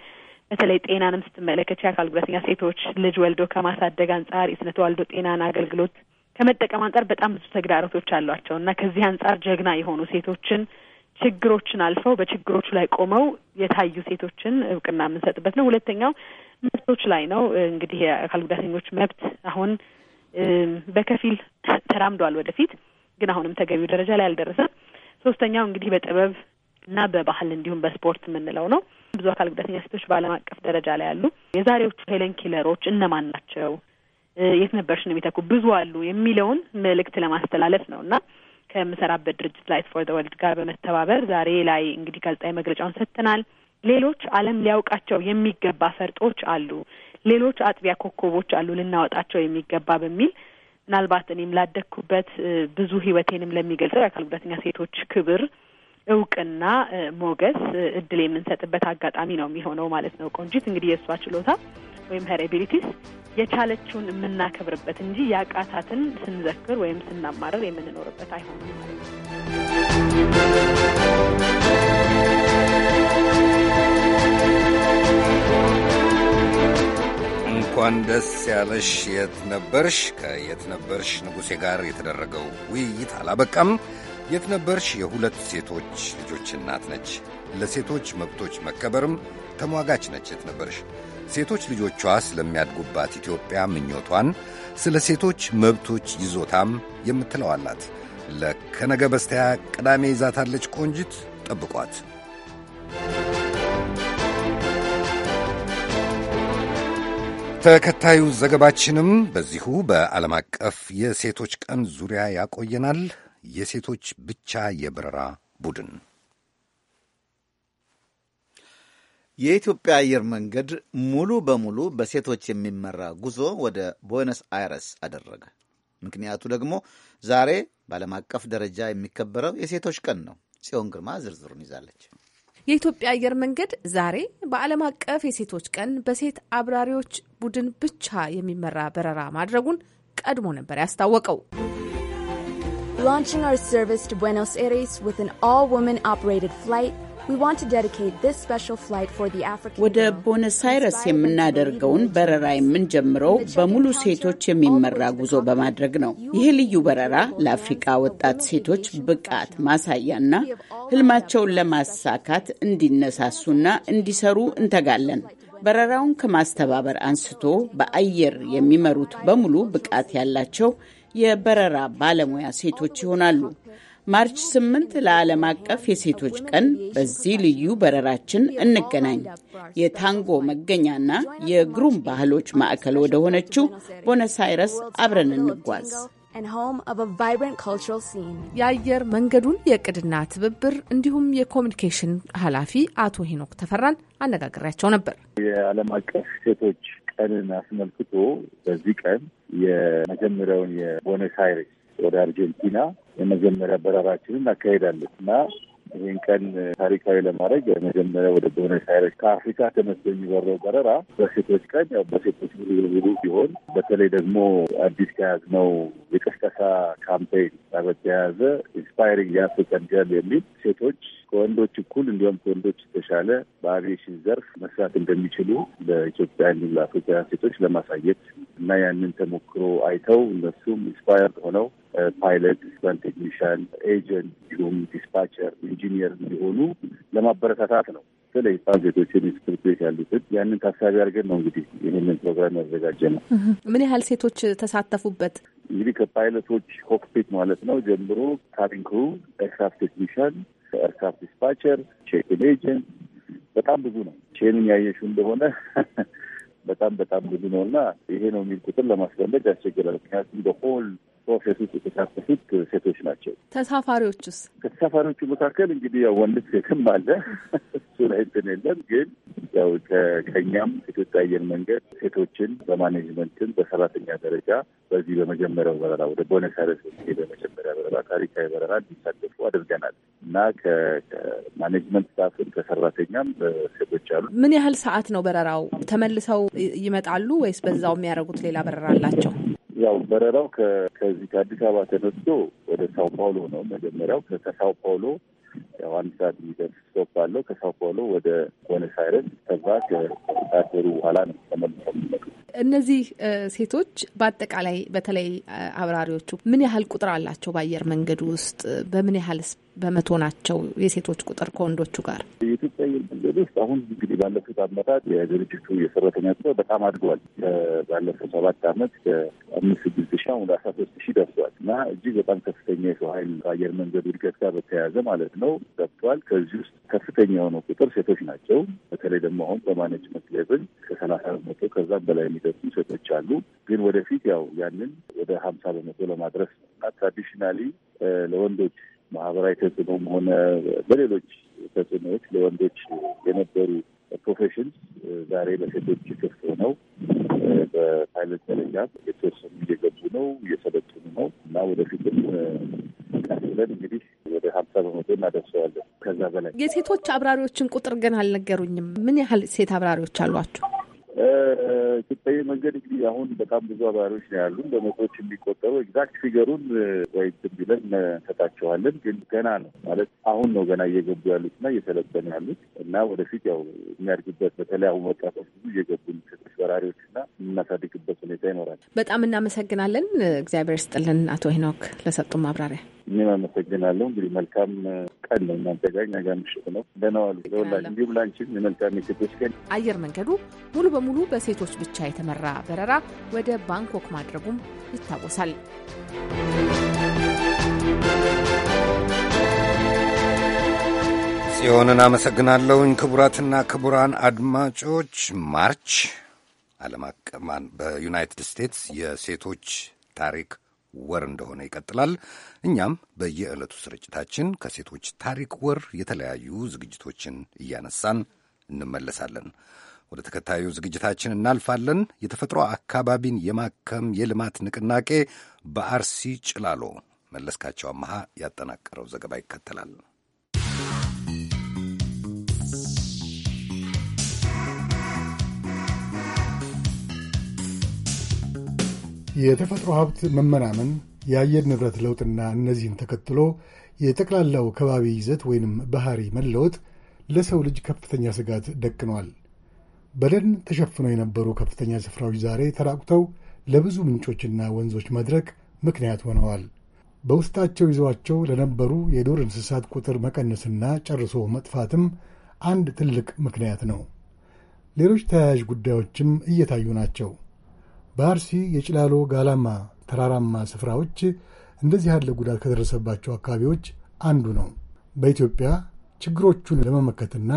በተለይ ጤናንም ስትመለከት የአካል ጉዳተኛ ሴቶች ልጅ ወልዶ ከማሳደግ አንጻር የስነ ተዋልዶ ጤናን አገልግሎት ከመጠቀም አንጻር በጣም ብዙ ተግዳሮቶች አሏቸው እና ከዚህ አንጻር ጀግና የሆኑ ሴቶችን ችግሮችን አልፈው በችግሮቹ ላይ ቆመው የታዩ ሴቶችን እውቅና የምንሰጥበት ነው። ሁለተኛው መብቶች ላይ ነው። እንግዲህ የአካል ጉዳተኞች መብት አሁን በከፊል ተራምዷል። ወደፊት ግን አሁንም ተገቢው ደረጃ ላይ አልደረሰም። ሶስተኛው እንግዲህ በጥበብ እና በባህል እንዲሁም በስፖርት የምንለው ነው። ብዙ አካል ጉዳተኛ ሴቶች በዓለም አቀፍ ደረጃ ላይ አሉ። የዛሬዎቹ ሄለን ኪለሮች እነማን ናቸው? የት ነበርሽ ነው የሚተኩ ብዙ አሉ የሚለውን መልእክት ለማስተላለፍ ነው እና ከምሰራበት ድርጅት ላይት ፎር ዘ ወርልድ ጋር በመተባበር ዛሬ ላይ እንግዲህ ጋዜጣዊ መግለጫውን ሰጥተናል። ሌሎች ዓለም ሊያውቃቸው የሚገባ ፈርጦች አሉ። ሌሎች አጥቢያ ኮከቦች አሉ ልናወጣቸው የሚገባ በሚል ምናልባት እኔም ላደግኩበት ብዙ ህይወቴንም ለሚገልጸው የአካል ጉዳተኛ ሴቶች ክብር እውቅና፣ ሞገስ፣ እድል የምንሰጥበት አጋጣሚ ነው የሚሆነው ማለት ነው። ቆንጂት እንግዲህ የእሷ ችሎታ ወይም ሄሬቢሊቲስ የቻለችውን የምናከብርበት እንጂ ያቃታትን ስንዘክር ወይም ስናማረር የምንኖርበት አይሆንም ማለት ነው። እንኳን ደስ ያለሽ የት ነበርሽ ከየት ነበርሽ ንጉሴ ጋር የተደረገው ውይይት አላበቃም። የት ነበርሽ የሁለት ሴቶች ልጆች እናት ነች። ለሴቶች መብቶች መከበርም ተሟጋች ነች። የት ነበርሽ ሴቶች ልጆቿ ስለሚያድጉባት ኢትዮጵያ ምኞቷን፣ ስለ ሴቶች መብቶች ይዞታም የምትለው አላት። ለከነገ በስቲያ ቅዳሜ ይዛታለች። ቆንጅት ጠብቋት። ተከታዩ ዘገባችንም በዚሁ በዓለም አቀፍ የሴቶች ቀን ዙሪያ ያቆየናል። የሴቶች ብቻ የበረራ ቡድን የኢትዮጵያ አየር መንገድ ሙሉ በሙሉ በሴቶች የሚመራ ጉዞ ወደ ቦነስ አይረስ አደረገ። ምክንያቱ ደግሞ ዛሬ በዓለም አቀፍ ደረጃ የሚከበረው የሴቶች ቀን ነው። ጽዮን ግርማ ዝርዝሩን ይዛለች። የኢትዮጵያ አየር መንገድ ዛሬ በዓለም አቀፍ የሴቶች ቀን በሴት አብራሪዎች ቡድን ብቻ የሚመራ በረራ ማድረጉን ቀድሞ ነበር ያስታወቀው። Launching our service to Buenos Aires with an all-woman operated flight, we want to dedicate this special flight for the African ወደ ቦነስ አይረስ የምናደርገውን በረራ የምንጀምረው በሙሉ ሴቶች የሚመራ ጉዞ በማድረግ ነው። ይህ ልዩ በረራ ለአፍሪካ ወጣት ሴቶች ብቃት ማሳያና ህልማቸውን ለማሳካት እንዲነሳሱና እንዲሰሩ እንተጋለን። በረራውን ከማስተባበር አንስቶ በአየር የሚመሩት በሙሉ ብቃት ያላቸው የበረራ ባለሙያ ሴቶች ይሆናሉ። ማርች 8 ለዓለም አቀፍ የሴቶች ቀን በዚህ ልዩ በረራችን እንገናኝ። የታንጎ መገኛና የግሩም ባህሎች ማዕከል ወደ ሆነችው ቦነስ አይረስ አብረን እንጓዝ። የአየር መንገዱን የቅድና ትብብር እንዲሁም የኮሚኒኬሽን ኃላፊ አቶ ሄኖክ ተፈራን አነጋግሬያቸው ነበር። የዓለም አቀፍ ሴቶች ቀንን አስመልክቶ በዚህ ቀን የመጀመሪያውን የቦነስ አይሬስ ወደ አርጀንቲና የመጀመሪያ በረራችንን አካሄዳለን እና ይህን ቀን ታሪካዊ ለማድረግ የመጀመሪያ ወደ ቦነስ አይረስ ከአፍሪካ ተመስሎ የሚበረው በረራ በሴቶች ቀን ያው በሴቶች ሙሉ በሙሉ ሲሆን በተለይ ደግሞ አዲስ ከያዝነው የቀስቀሳ ካምፔይን ጋር በተያያዘ ኢንስፓይሪንግ የአፍሪካን ገርል የሚል ሴቶች ከወንዶች እኩል እንዲሁም ከወንዶች የተሻለ በአቪዬሽን ዘርፍ መስራት እንደሚችሉ ለኢትዮጵያ እንዲሁም ለአፍሪካ ሴቶች ለማሳየት እና ያንን ተሞክሮ አይተው እነሱም ኢንስፓየርድ ሆነው ፓይለት፣ ስን ቴክኒሽያን፣ ኤጀንት እንዲሁም ዲስፓቸር፣ ኢንጂኒየር እንዲሆኑ ለማበረታታት ነው። በተለይ ህጻን ሴቶችን ስፖርት ቤት ያሉትን ያንን ታሳቢ አድርገን ነው እንግዲህ ይህንን ፕሮግራም ያዘጋጀ ነው። ምን ያህል ሴቶች ተሳተፉበት? እንግዲህ ከፓይለቶች ኮክፒት ማለት ነው ጀምሮ ካቢን ክሩ፣ ኤርክራፍት ቴክኒሽያን ኤርክራፍት ዲስፓቸር፣ ቼክን ኤጀንት በጣም ብዙ ነው። ቼንን ያየሹ እንደሆነ [LAUGHS] በጣም በጣም ብዙ ነው እና ይሄ ነው የሚል ቁጥር ለማስፈለግ ያስቸግራል። ምክንያቱም በሆል በወፌት የተሳተፉት ሴቶች ናቸው። ተሳፋሪዎቹስ ከተሳፋሪዎቹ መካከል እንግዲህ ያው ወንድ ሴትም አለ። እሱ ላይ እንትን የለም። ግን ያው ከኛም ኢትዮጵያ አየር መንገድ ሴቶችን በማኔጅመንትም በሰራተኛ ደረጃ በዚህ በመጀመሪያው በረራ ወደ ቦነስ አይረስ በመጀመሪያ በረራ ታሪካዊ በረራ እንዲሳተፉ አድርገናል እና ከማኔጅመንት ስታፍን ከሰራተኛም ሴቶች አሉ። ምን ያህል ሰዓት ነው በረራው? ተመልሰው ይመጣሉ ወይስ በዛው የሚያደርጉት ሌላ በረራ አላቸው? ያው በረራው ከዚህ ከአዲስ አበባ ተነስቶ ወደ ሳው ፓውሎ ነው መጀመሪያው። ከሳው ፓውሎ ያው አንድ ሰዓት የሚደርስ ስቶፕ አለው። ከሳው ፓውሎ ወደ ቦነስ አይረስ ከዛ ከታሰሩ በኋላ ነው ተመልሰው የሚመጡ። እነዚህ ሴቶች በአጠቃላይ በተለይ አብራሪዎቹ ምን ያህል ቁጥር አላቸው? በአየር መንገዱ ውስጥ በምን ያህል በመቶ ናቸው የሴቶች ቁጥር ከወንዶቹ ጋር። የኢትዮጵያ አየር መንገድ ውስጥ አሁን እንግዲህ ባለፉት አመታት የድርጅቱ የሰራተኛ ቁጥር በጣም አድጓል። ባለፈው ሰባት አመት ከአምስት ስድስት ሺ አሁን አስራ ሶስት ሺ ደርሷል እና እጅግ በጣም ከፍተኛ የሰው ኃይል ከአየር መንገዱ እድገት ጋር በተያያዘ ማለት ነው ገብቷል። ከዚህ ውስጥ ከፍተኛ የሆነው ቁጥር ሴቶች ናቸው። በተለይ ደግሞ አሁን በማኔጅመንት ሌቭል ከሰላሳ በመቶ ከዛም በላይ የሚደርሱ ሴቶች አሉ። ግን ወደፊት ያው ያንን ወደ ሀምሳ በመቶ ለማድረስ ነው እና ትራዲሽናሊ ለወንዶች ማህበራዊ ተጽዕኖም ሆነ በሌሎች ተጽዕኖዎች ለወንዶች የነበሩ ፕሮፌሽንስ ዛሬ ለሴቶች ክፍት ሆነው በፓይለት ደረጃ የተወሰኑ እየገቡ ነው፣ እየሰለጠኑ ነው እና ወደፊትም ቀጥለን እንግዲህ ወደ ሀምሳ በመቶ እናደርሰዋለን ከዛ በላይ የሴቶች አብራሪዎችን ቁጥር ግን አልነገሩኝም። ምን ያህል ሴት አብራሪዎች አሏቸው? ኢትዮጵያዊ መንገድ እንግዲህ አሁን በጣም ብዙ አባሪዎች ነው ያሉ፣ በመቶዎች የሚቆጠሩ ኤግዛክት ፊገሩን ወይ እንትን ብለን እንሰጣቸዋለን። ግን ገና ነው ማለት አሁን ነው ገና እየገቡ ያሉት እና እየሰለጠኑ ያሉት እና ወደፊት ያው የሚያድግበት በተለይ አሁን ወጣቶች ብዙ እየገቡ የሚሰጡት በራሪዎች እና የምናሳድግበት ሁኔታ ይኖራል። በጣም እናመሰግናለን። እግዚአብሔር ስጥልን አቶ ሄኖክ ለሰጡ ማብራሪያ። እኔም አመሰግናለሁ። እንግዲህ መልካም ቀን ነው እናንተ ጋር እኛ ጋር ምሽት ነው። ደህና ዋሉ። እንዲሁም ላንቺም የመልካም የሴቶች ቀን። አየር መንገዱ ሙሉ በሙሉ በሴቶች ብቻ የተመራ በረራ ወደ ባንኮክ ማድረጉም ይታወሳል። ጽዮንን አመሰግናለሁኝ። ክቡራትና ክቡራን አድማጮች ማርች ዓለም አቀፍ በዩናይትድ ስቴትስ የሴቶች ታሪክ ወር እንደሆነ ይቀጥላል። እኛም በየዕለቱ ስርጭታችን ከሴቶች ታሪክ ወር የተለያዩ ዝግጅቶችን እያነሳን እንመለሳለን። ወደ ተከታዩ ዝግጅታችን እናልፋለን። የተፈጥሮ አካባቢን የማከም የልማት ንቅናቄ በአርሲ ጭላሎ መለስካቸው አመሃ ያጠናቀረው ዘገባ ይከተላል። የተፈጥሮ ሀብት መመናመን፣ የአየር ንብረት ለውጥና እነዚህን ተከትሎ የጠቅላላው ከባቢ ይዘት ወይንም ባህሪ መለወጥ ለሰው ልጅ ከፍተኛ ስጋት ደቅኗል። በደን ተሸፍነው የነበሩ ከፍተኛ ስፍራዎች ዛሬ ተራቁተው ለብዙ ምንጮችና ወንዞች መድረቅ ምክንያት ሆነዋል። በውስጣቸው ይዘዋቸው ለነበሩ የዱር እንስሳት ቁጥር መቀነስና ጨርሶ መጥፋትም አንድ ትልቅ ምክንያት ነው። ሌሎች ተያያዥ ጉዳዮችም እየታዩ ናቸው። በአርሲ የጭላሎ ጋላማ ተራራማ ስፍራዎች እንደዚህ ያለ ጉዳት ከደረሰባቸው አካባቢዎች አንዱ ነው። በኢትዮጵያ ችግሮቹን ለመመከትና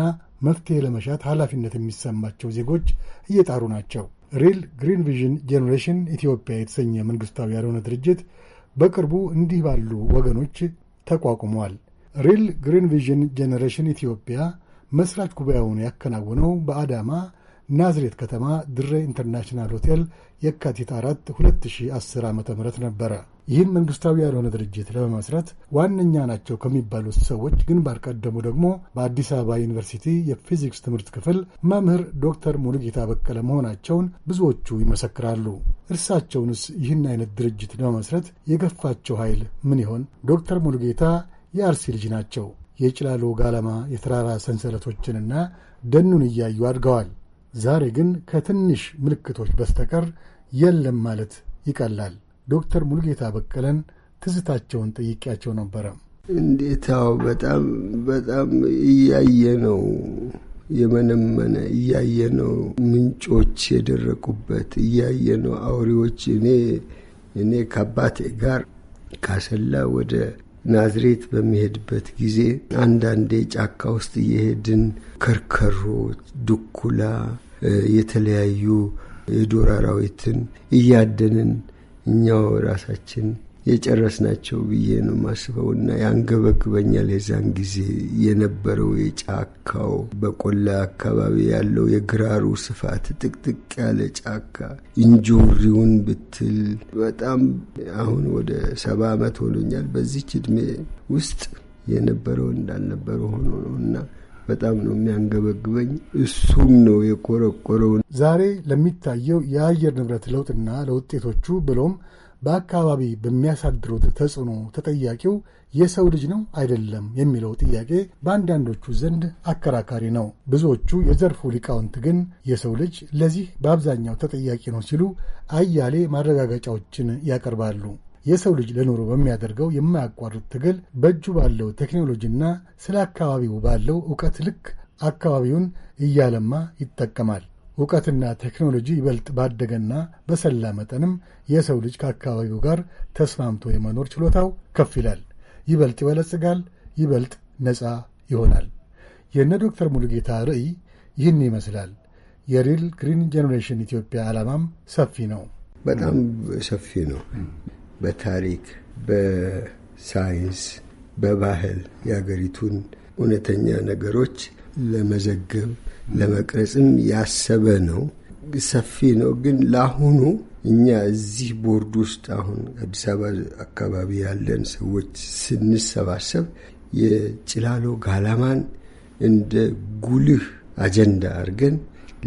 መፍትሄ ለመሻት ኃላፊነት የሚሰማቸው ዜጎች እየጣሩ ናቸው። ሪል ግሪን ቪዥን ጄኔሬሽን ኢትዮጵያ የተሰኘ መንግሥታዊ ያልሆነ ድርጅት በቅርቡ እንዲህ ባሉ ወገኖች ተቋቁሟል። ሪል ግሪን ቪዥን ጄኔሬሽን ኢትዮጵያ መስራች ጉባኤውን ያከናወነው በአዳማ ናዝሬት ከተማ ድሬ ኢንተርናሽናል ሆቴል የካቲት አራት 2010 ዓ ም ነበረ። ይህን መንግስታዊ ያልሆነ ድርጅት ለመመስረት ዋነኛ ናቸው ከሚባሉት ሰዎች ግንባር ቀደሙ ደግሞ በአዲስ አበባ ዩኒቨርሲቲ የፊዚክስ ትምህርት ክፍል መምህር ዶክተር ሙሉጌታ በቀለ መሆናቸውን ብዙዎቹ ይመሰክራሉ። እርሳቸውንስ ይህን አይነት ድርጅት ለመመስረት የገፋቸው ኃይል ምን ይሆን? ዶክተር ሙሉጌታ የአርሲ ልጅ ናቸው። የጭላሎ ጋለማ የተራራ ሰንሰለቶችንና ደኑን እያዩ አድገዋል። ዛሬ ግን ከትንሽ ምልክቶች በስተቀር የለም ማለት ይቀላል። ዶክተር ሙሉጌታ በቀለን ትዝታቸውን ጠይቄያቸው ነበረ። እንዴታው በጣም በጣም እያየ ነው የመነመነ እያየ ነው ምንጮች የደረቁበት እያየ ነው አውሬዎች። እኔ እኔ ከአባቴ ጋር ካሰላ ወደ ናዝሬት በሚሄድበት ጊዜ አንዳንዴ ጫካ ውስጥ እየሄድን ከርከሮ፣ ዱኩላ። የተለያዩ የዱር አራዊትን እያደንን እኛው ራሳችን የጨረስ ናቸው ብዬ ነው ማስበው እና ያንገበግበኛል። የዛን ጊዜ የነበረው የጫካው በቆላ አካባቢ ያለው የግራሩ ስፋት ጥቅጥቅ ያለ ጫካ እንጆሪውን ብትል በጣም አሁን ወደ ሰባ ዓመት ሆኖኛል። በዚች እድሜ ውስጥ የነበረው እንዳልነበረው ሆኖ ነው እና በጣም ነው የሚያንገበግበኝ። እሱም ነው የቆረቆረውን ዛሬ ለሚታየው የአየር ንብረት ለውጥና ለውጤቶቹ ብሎም በአካባቢ በሚያሳድሩት ተጽዕኖ ተጠያቂው የሰው ልጅ ነው አይደለም የሚለው ጥያቄ በአንዳንዶቹ ዘንድ አከራካሪ ነው። ብዙዎቹ የዘርፉ ሊቃውንት ግን የሰው ልጅ ለዚህ በአብዛኛው ተጠያቂ ነው ሲሉ አያሌ ማረጋገጫዎችን ያቀርባሉ። የሰው ልጅ ለኖሮ በሚያደርገው የማያቋርጥ ትግል በእጁ ባለው ቴክኖሎጂና ስለ አካባቢው ባለው እውቀት ልክ አካባቢውን እያለማ ይጠቀማል። እውቀትና ቴክኖሎጂ ይበልጥ ባደገና በሰላ መጠንም የሰው ልጅ ከአካባቢው ጋር ተስማምቶ የመኖር ችሎታው ከፍ ይላል፣ ይበልጥ ይበለጽጋል፣ ይበልጥ ነፃ ይሆናል። የእነ ዶክተር ሙሉጌታ ርዕይ ይህን ይመስላል። የሪል ግሪን ጄኔሬሽን ኢትዮጵያ ዓላማም ሰፊ ነው። በጣም ሰፊ ነው። በታሪክ፣ በሳይንስ፣ በባህል የሀገሪቱን እውነተኛ ነገሮች ለመዘገብ ለመቅረጽም ያሰበ ነው። ሰፊ ነው። ግን ለአሁኑ እኛ እዚህ ቦርድ ውስጥ አሁን አዲስ አበባ አካባቢ ያለን ሰዎች ስንሰባሰብ የጭላሎ ጋላማን እንደ ጉልህ አጀንዳ አድርገን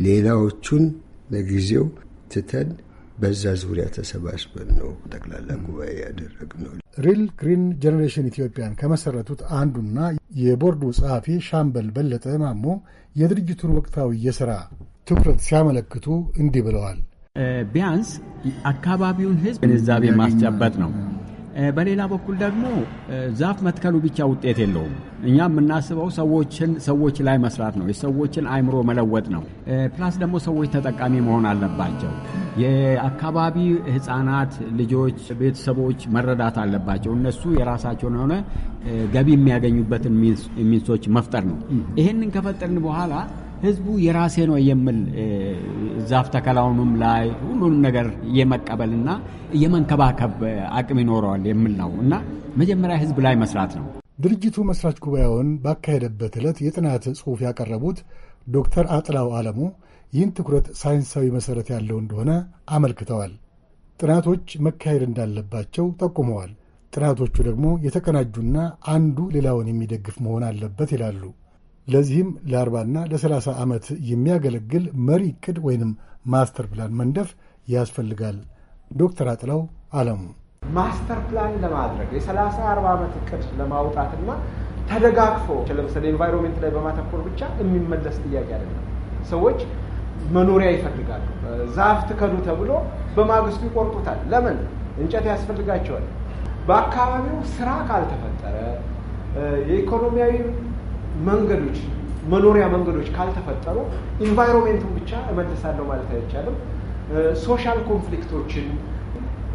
ሌላዎቹን ለጊዜው ትተን በዛ ዙሪያ ተሰባስበን ነው ጠቅላላ ጉባኤ ያደረግነው። ሪል ግሪን ጄኔሬሽን ኢትዮጵያን ከመሰረቱት አንዱና የቦርዱ ጸሐፊ ሻምበል በለጠ ማሞ የድርጅቱን ወቅታዊ የሥራ ትኩረት ሲያመለክቱ እንዲህ ብለዋል። ቢያንስ አካባቢውን ሕዝብ ግንዛቤ ማስጨበጥ ነው። በሌላ በኩል ደግሞ ዛፍ መትከሉ ብቻ ውጤት የለውም። እኛ የምናስበው ሰዎችን ሰዎች ላይ መስራት ነው፣ የሰዎችን አእምሮ መለወጥ ነው። ፕላስ ደግሞ ሰዎች ተጠቃሚ መሆን አለባቸው። የአካባቢ ሕፃናት ልጆች፣ ቤተሰቦች መረዳት አለባቸው። እነሱ የራሳቸውን የሆነ ገቢ የሚያገኙበትን ሚንሶች መፍጠር ነው። ይህንን ከፈጠርን በኋላ ህዝቡ የራሴ ነው የሚል ዛፍ ተከላውንም ላይ ሁሉንም ነገር የመቀበልና የመንከባከብ አቅም ይኖረዋል የሚል ነው እና መጀመሪያ ህዝብ ላይ መስራት ነው። ድርጅቱ መስራች ጉባኤውን ባካሄደበት ዕለት የጥናት ጽሑፍ ያቀረቡት ዶክተር አጥላው አለሙ ይህን ትኩረት ሳይንሳዊ መሠረት ያለው እንደሆነ አመልክተዋል። ጥናቶች መካሄድ እንዳለባቸው ጠቁመዋል። ጥናቶቹ ደግሞ የተቀናጁና አንዱ ሌላውን የሚደግፍ መሆን አለበት ይላሉ። ለዚህም ለአርባና ለሰላሳ ዓመት የሚያገለግል መሪ እቅድ ወይንም ማስተር ፕላን መንደፍ ያስፈልጋል። ዶክተር አጥላው አለሙ ማስተር ፕላን ለማድረግ የሰላሳ አርባ ዓመት ዕቅድ ለማውጣትና ተደጋግፎ ለምሳሌ ኤንቫይሮንሜንት ላይ በማተኮር ብቻ የሚመለስ ጥያቄ አይደለም። ሰዎች መኖሪያ ይፈልጋሉ። ዛፍ ትከሉ ተብሎ በማግስቱ ይቆርጡታል። ለምን? እንጨት ያስፈልጋቸዋል። በአካባቢው ስራ ካልተፈጠረ የኢኮኖሚያዊ መንገዶች መኖሪያ መንገዶች ካልተፈጠሩ ኢንቫይሮንሜንቱን ብቻ እመልሳለሁ ማለት አይቻልም። ሶሻል ኮንፍሊክቶችን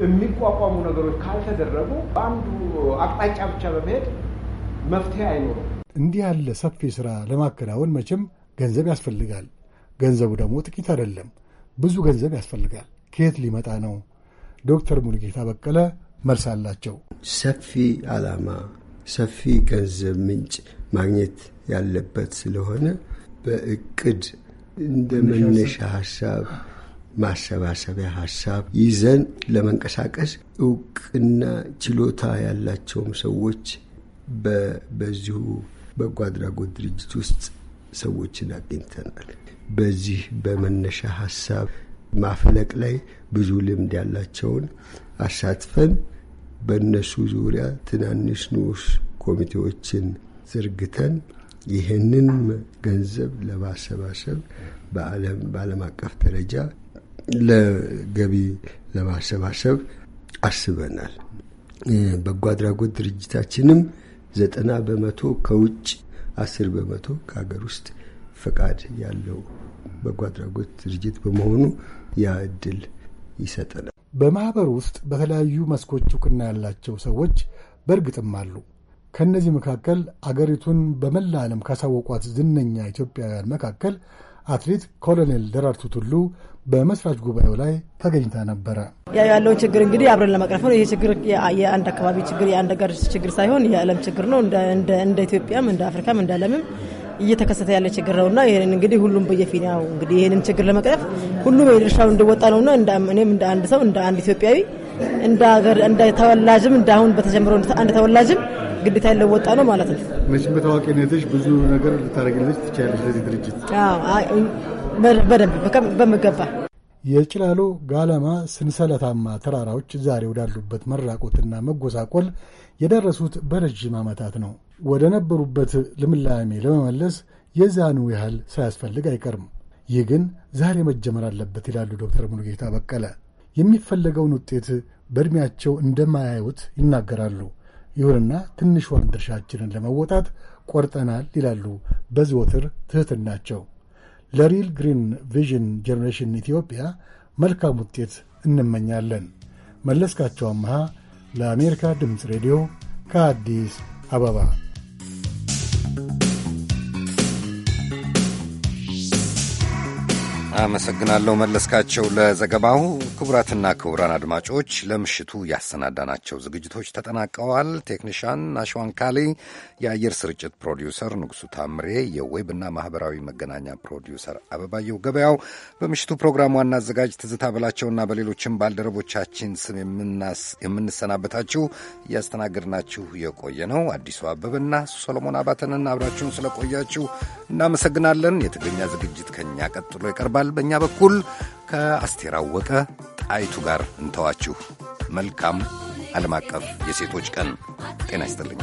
የሚቋቋሙ ነገሮች ካልተደረጉ በአንዱ አቅጣጫ ብቻ በመሄድ መፍትሄ አይኖርም። እንዲህ ያለ ሰፊ ስራ ለማከናወን መቼም ገንዘብ ያስፈልጋል። ገንዘቡ ደግሞ ጥቂት አይደለም፣ ብዙ ገንዘብ ያስፈልጋል። ከየት ሊመጣ ነው? ዶክተር ሙሉጌታ በቀለ መልስ አላቸው። ሰፊ ዓላማ፣ ሰፊ ገንዘብ ምንጭ ማግኘት ያለበት ስለሆነ በእቅድ እንደ መነሻ ሀሳብ ማሰባሰቢያ ሀሳብ ይዘን ለመንቀሳቀስ እውቅና ችሎታ ያላቸውም ሰዎች በዚሁ በጎ አድራጎት ድርጅት ውስጥ ሰዎችን አግኝተናል። በዚህ በመነሻ ሀሳብ ማፍለቅ ላይ ብዙ ልምድ ያላቸውን አሳትፈን በእነሱ ዙሪያ ትናንሽ ንዑስ ኮሚቴዎችን ዘርግተን ይህንን ገንዘብ ለማሰባሰብ በዓለም አቀፍ ደረጃ ለገቢ ለማሰባሰብ አስበናል። በጎ አድራጎት ድርጅታችንም ዘጠና በመቶ ከውጭ አስር በመቶ ከሀገር ውስጥ ፈቃድ ያለው በጎ አድራጎት ድርጅት በመሆኑ ያ እድል ይሰጠናል። በማህበር ውስጥ በተለያዩ መስኮች እውቅና ያላቸው ሰዎች በእርግጥም አሉ። ከእነዚህ መካከል አገሪቱን በመላ ዓለም ካሳወቋት ዝነኛ ኢትዮጵያውያን መካከል አትሌት ኮሎኔል ደራርቱ ቱሉ በመስራች ጉባኤው ላይ ተገኝታ ነበረ። ያለውን ችግር እንግዲህ አብረን ለመቅረፍ ነው። ይሄ ችግር የአንድ አካባቢ ችግር፣ የአንድ ሀገር ችግር ሳይሆን የዓለም ችግር ነው። እንደ ኢትዮጵያም እንደ አፍሪካም እንደ ዓለምም እየተከሰተ ያለ ችግር እና ይህንን እንግዲህ ሁሉም በየፊናው እንግዲህ ይህንን ችግር ለመቅረፍ ሁሉም የድርሻው ነው ነውና እኔም እንደ አንድ ሰው እንደ አንድ ኢትዮጵያዊ እንደ ሀገር እንደ ተወላጅም እንደ አሁን በተጀምሮ አንድ ተወላጅም ግዴታ ያለው ወጣ ነው ማለት ነው። መቼም በታዋቂነትሽ ብዙ ነገር ልታደርግልሽ ትችያለሽ ለዚህ ድርጅት በደንብ በሚገባ። የጭላሎ ጋለማ ሰንሰለታማ ተራራዎች ዛሬ ወዳሉበት መራቆትና መጎሳቆል የደረሱት በረዥም ዓመታት ነው። ወደ ነበሩበት ልምላሜ ለመመለስ የዛኑ ያህል ሳያስፈልግ አይቀርም። ይህ ግን ዛሬ መጀመር አለበት ይላሉ ዶክተር ሙሉጌታ በቀለ። የሚፈለገውን ውጤት በእድሜያቸው እንደማያዩት ይናገራሉ። ይሁንና ትንሿን ድርሻችንን ለመወጣት ቆርጠናል ይላሉ በዘወትር ናቸው። ለሪል ግሪን ቪዥን ጀኔሬሽን ኢትዮጵያ መልካም ውጤት እንመኛለን። መለስካቸው አመሃ ለአሜሪካ ድምፅ ሬዲዮ ከአዲስ አበባ አመሰግናለሁ መለስካቸው ለዘገባው። ክቡራትና ክቡራን አድማጮች ለምሽቱ ያሰናዳናቸው ዝግጅቶች ተጠናቀዋል። ቴክኒሻን አሽዋን ካሌ፣ የአየር ስርጭት ፕሮዲውሰር ንጉሡ ታምሬ፣ የዌብና ማኅበራዊ መገናኛ ፕሮዲውሰር አበባየው ገበያው፣ በምሽቱ ፕሮግራም ዋና አዘጋጅ ትዝታ በላቸውና በሌሎችም ባልደረቦቻችን ስም የምንሰናበታችሁ እያስተናገድናችሁ የቆየ ነው አዲሱ አበበና ሶሎሞን አባተንን አብራችሁን ስለቆያችሁ እናመሰግናለን። የትግርኛ ዝግጅት ከኛ ቀጥሎ ይቀርባል። በእኛ በኩል ከአስቴር አወቀ ጣይቱ ጋር እንተዋችሁ። መልካም ዓለም አቀፍ የሴቶች ቀን ጤና ይስጥልኝ።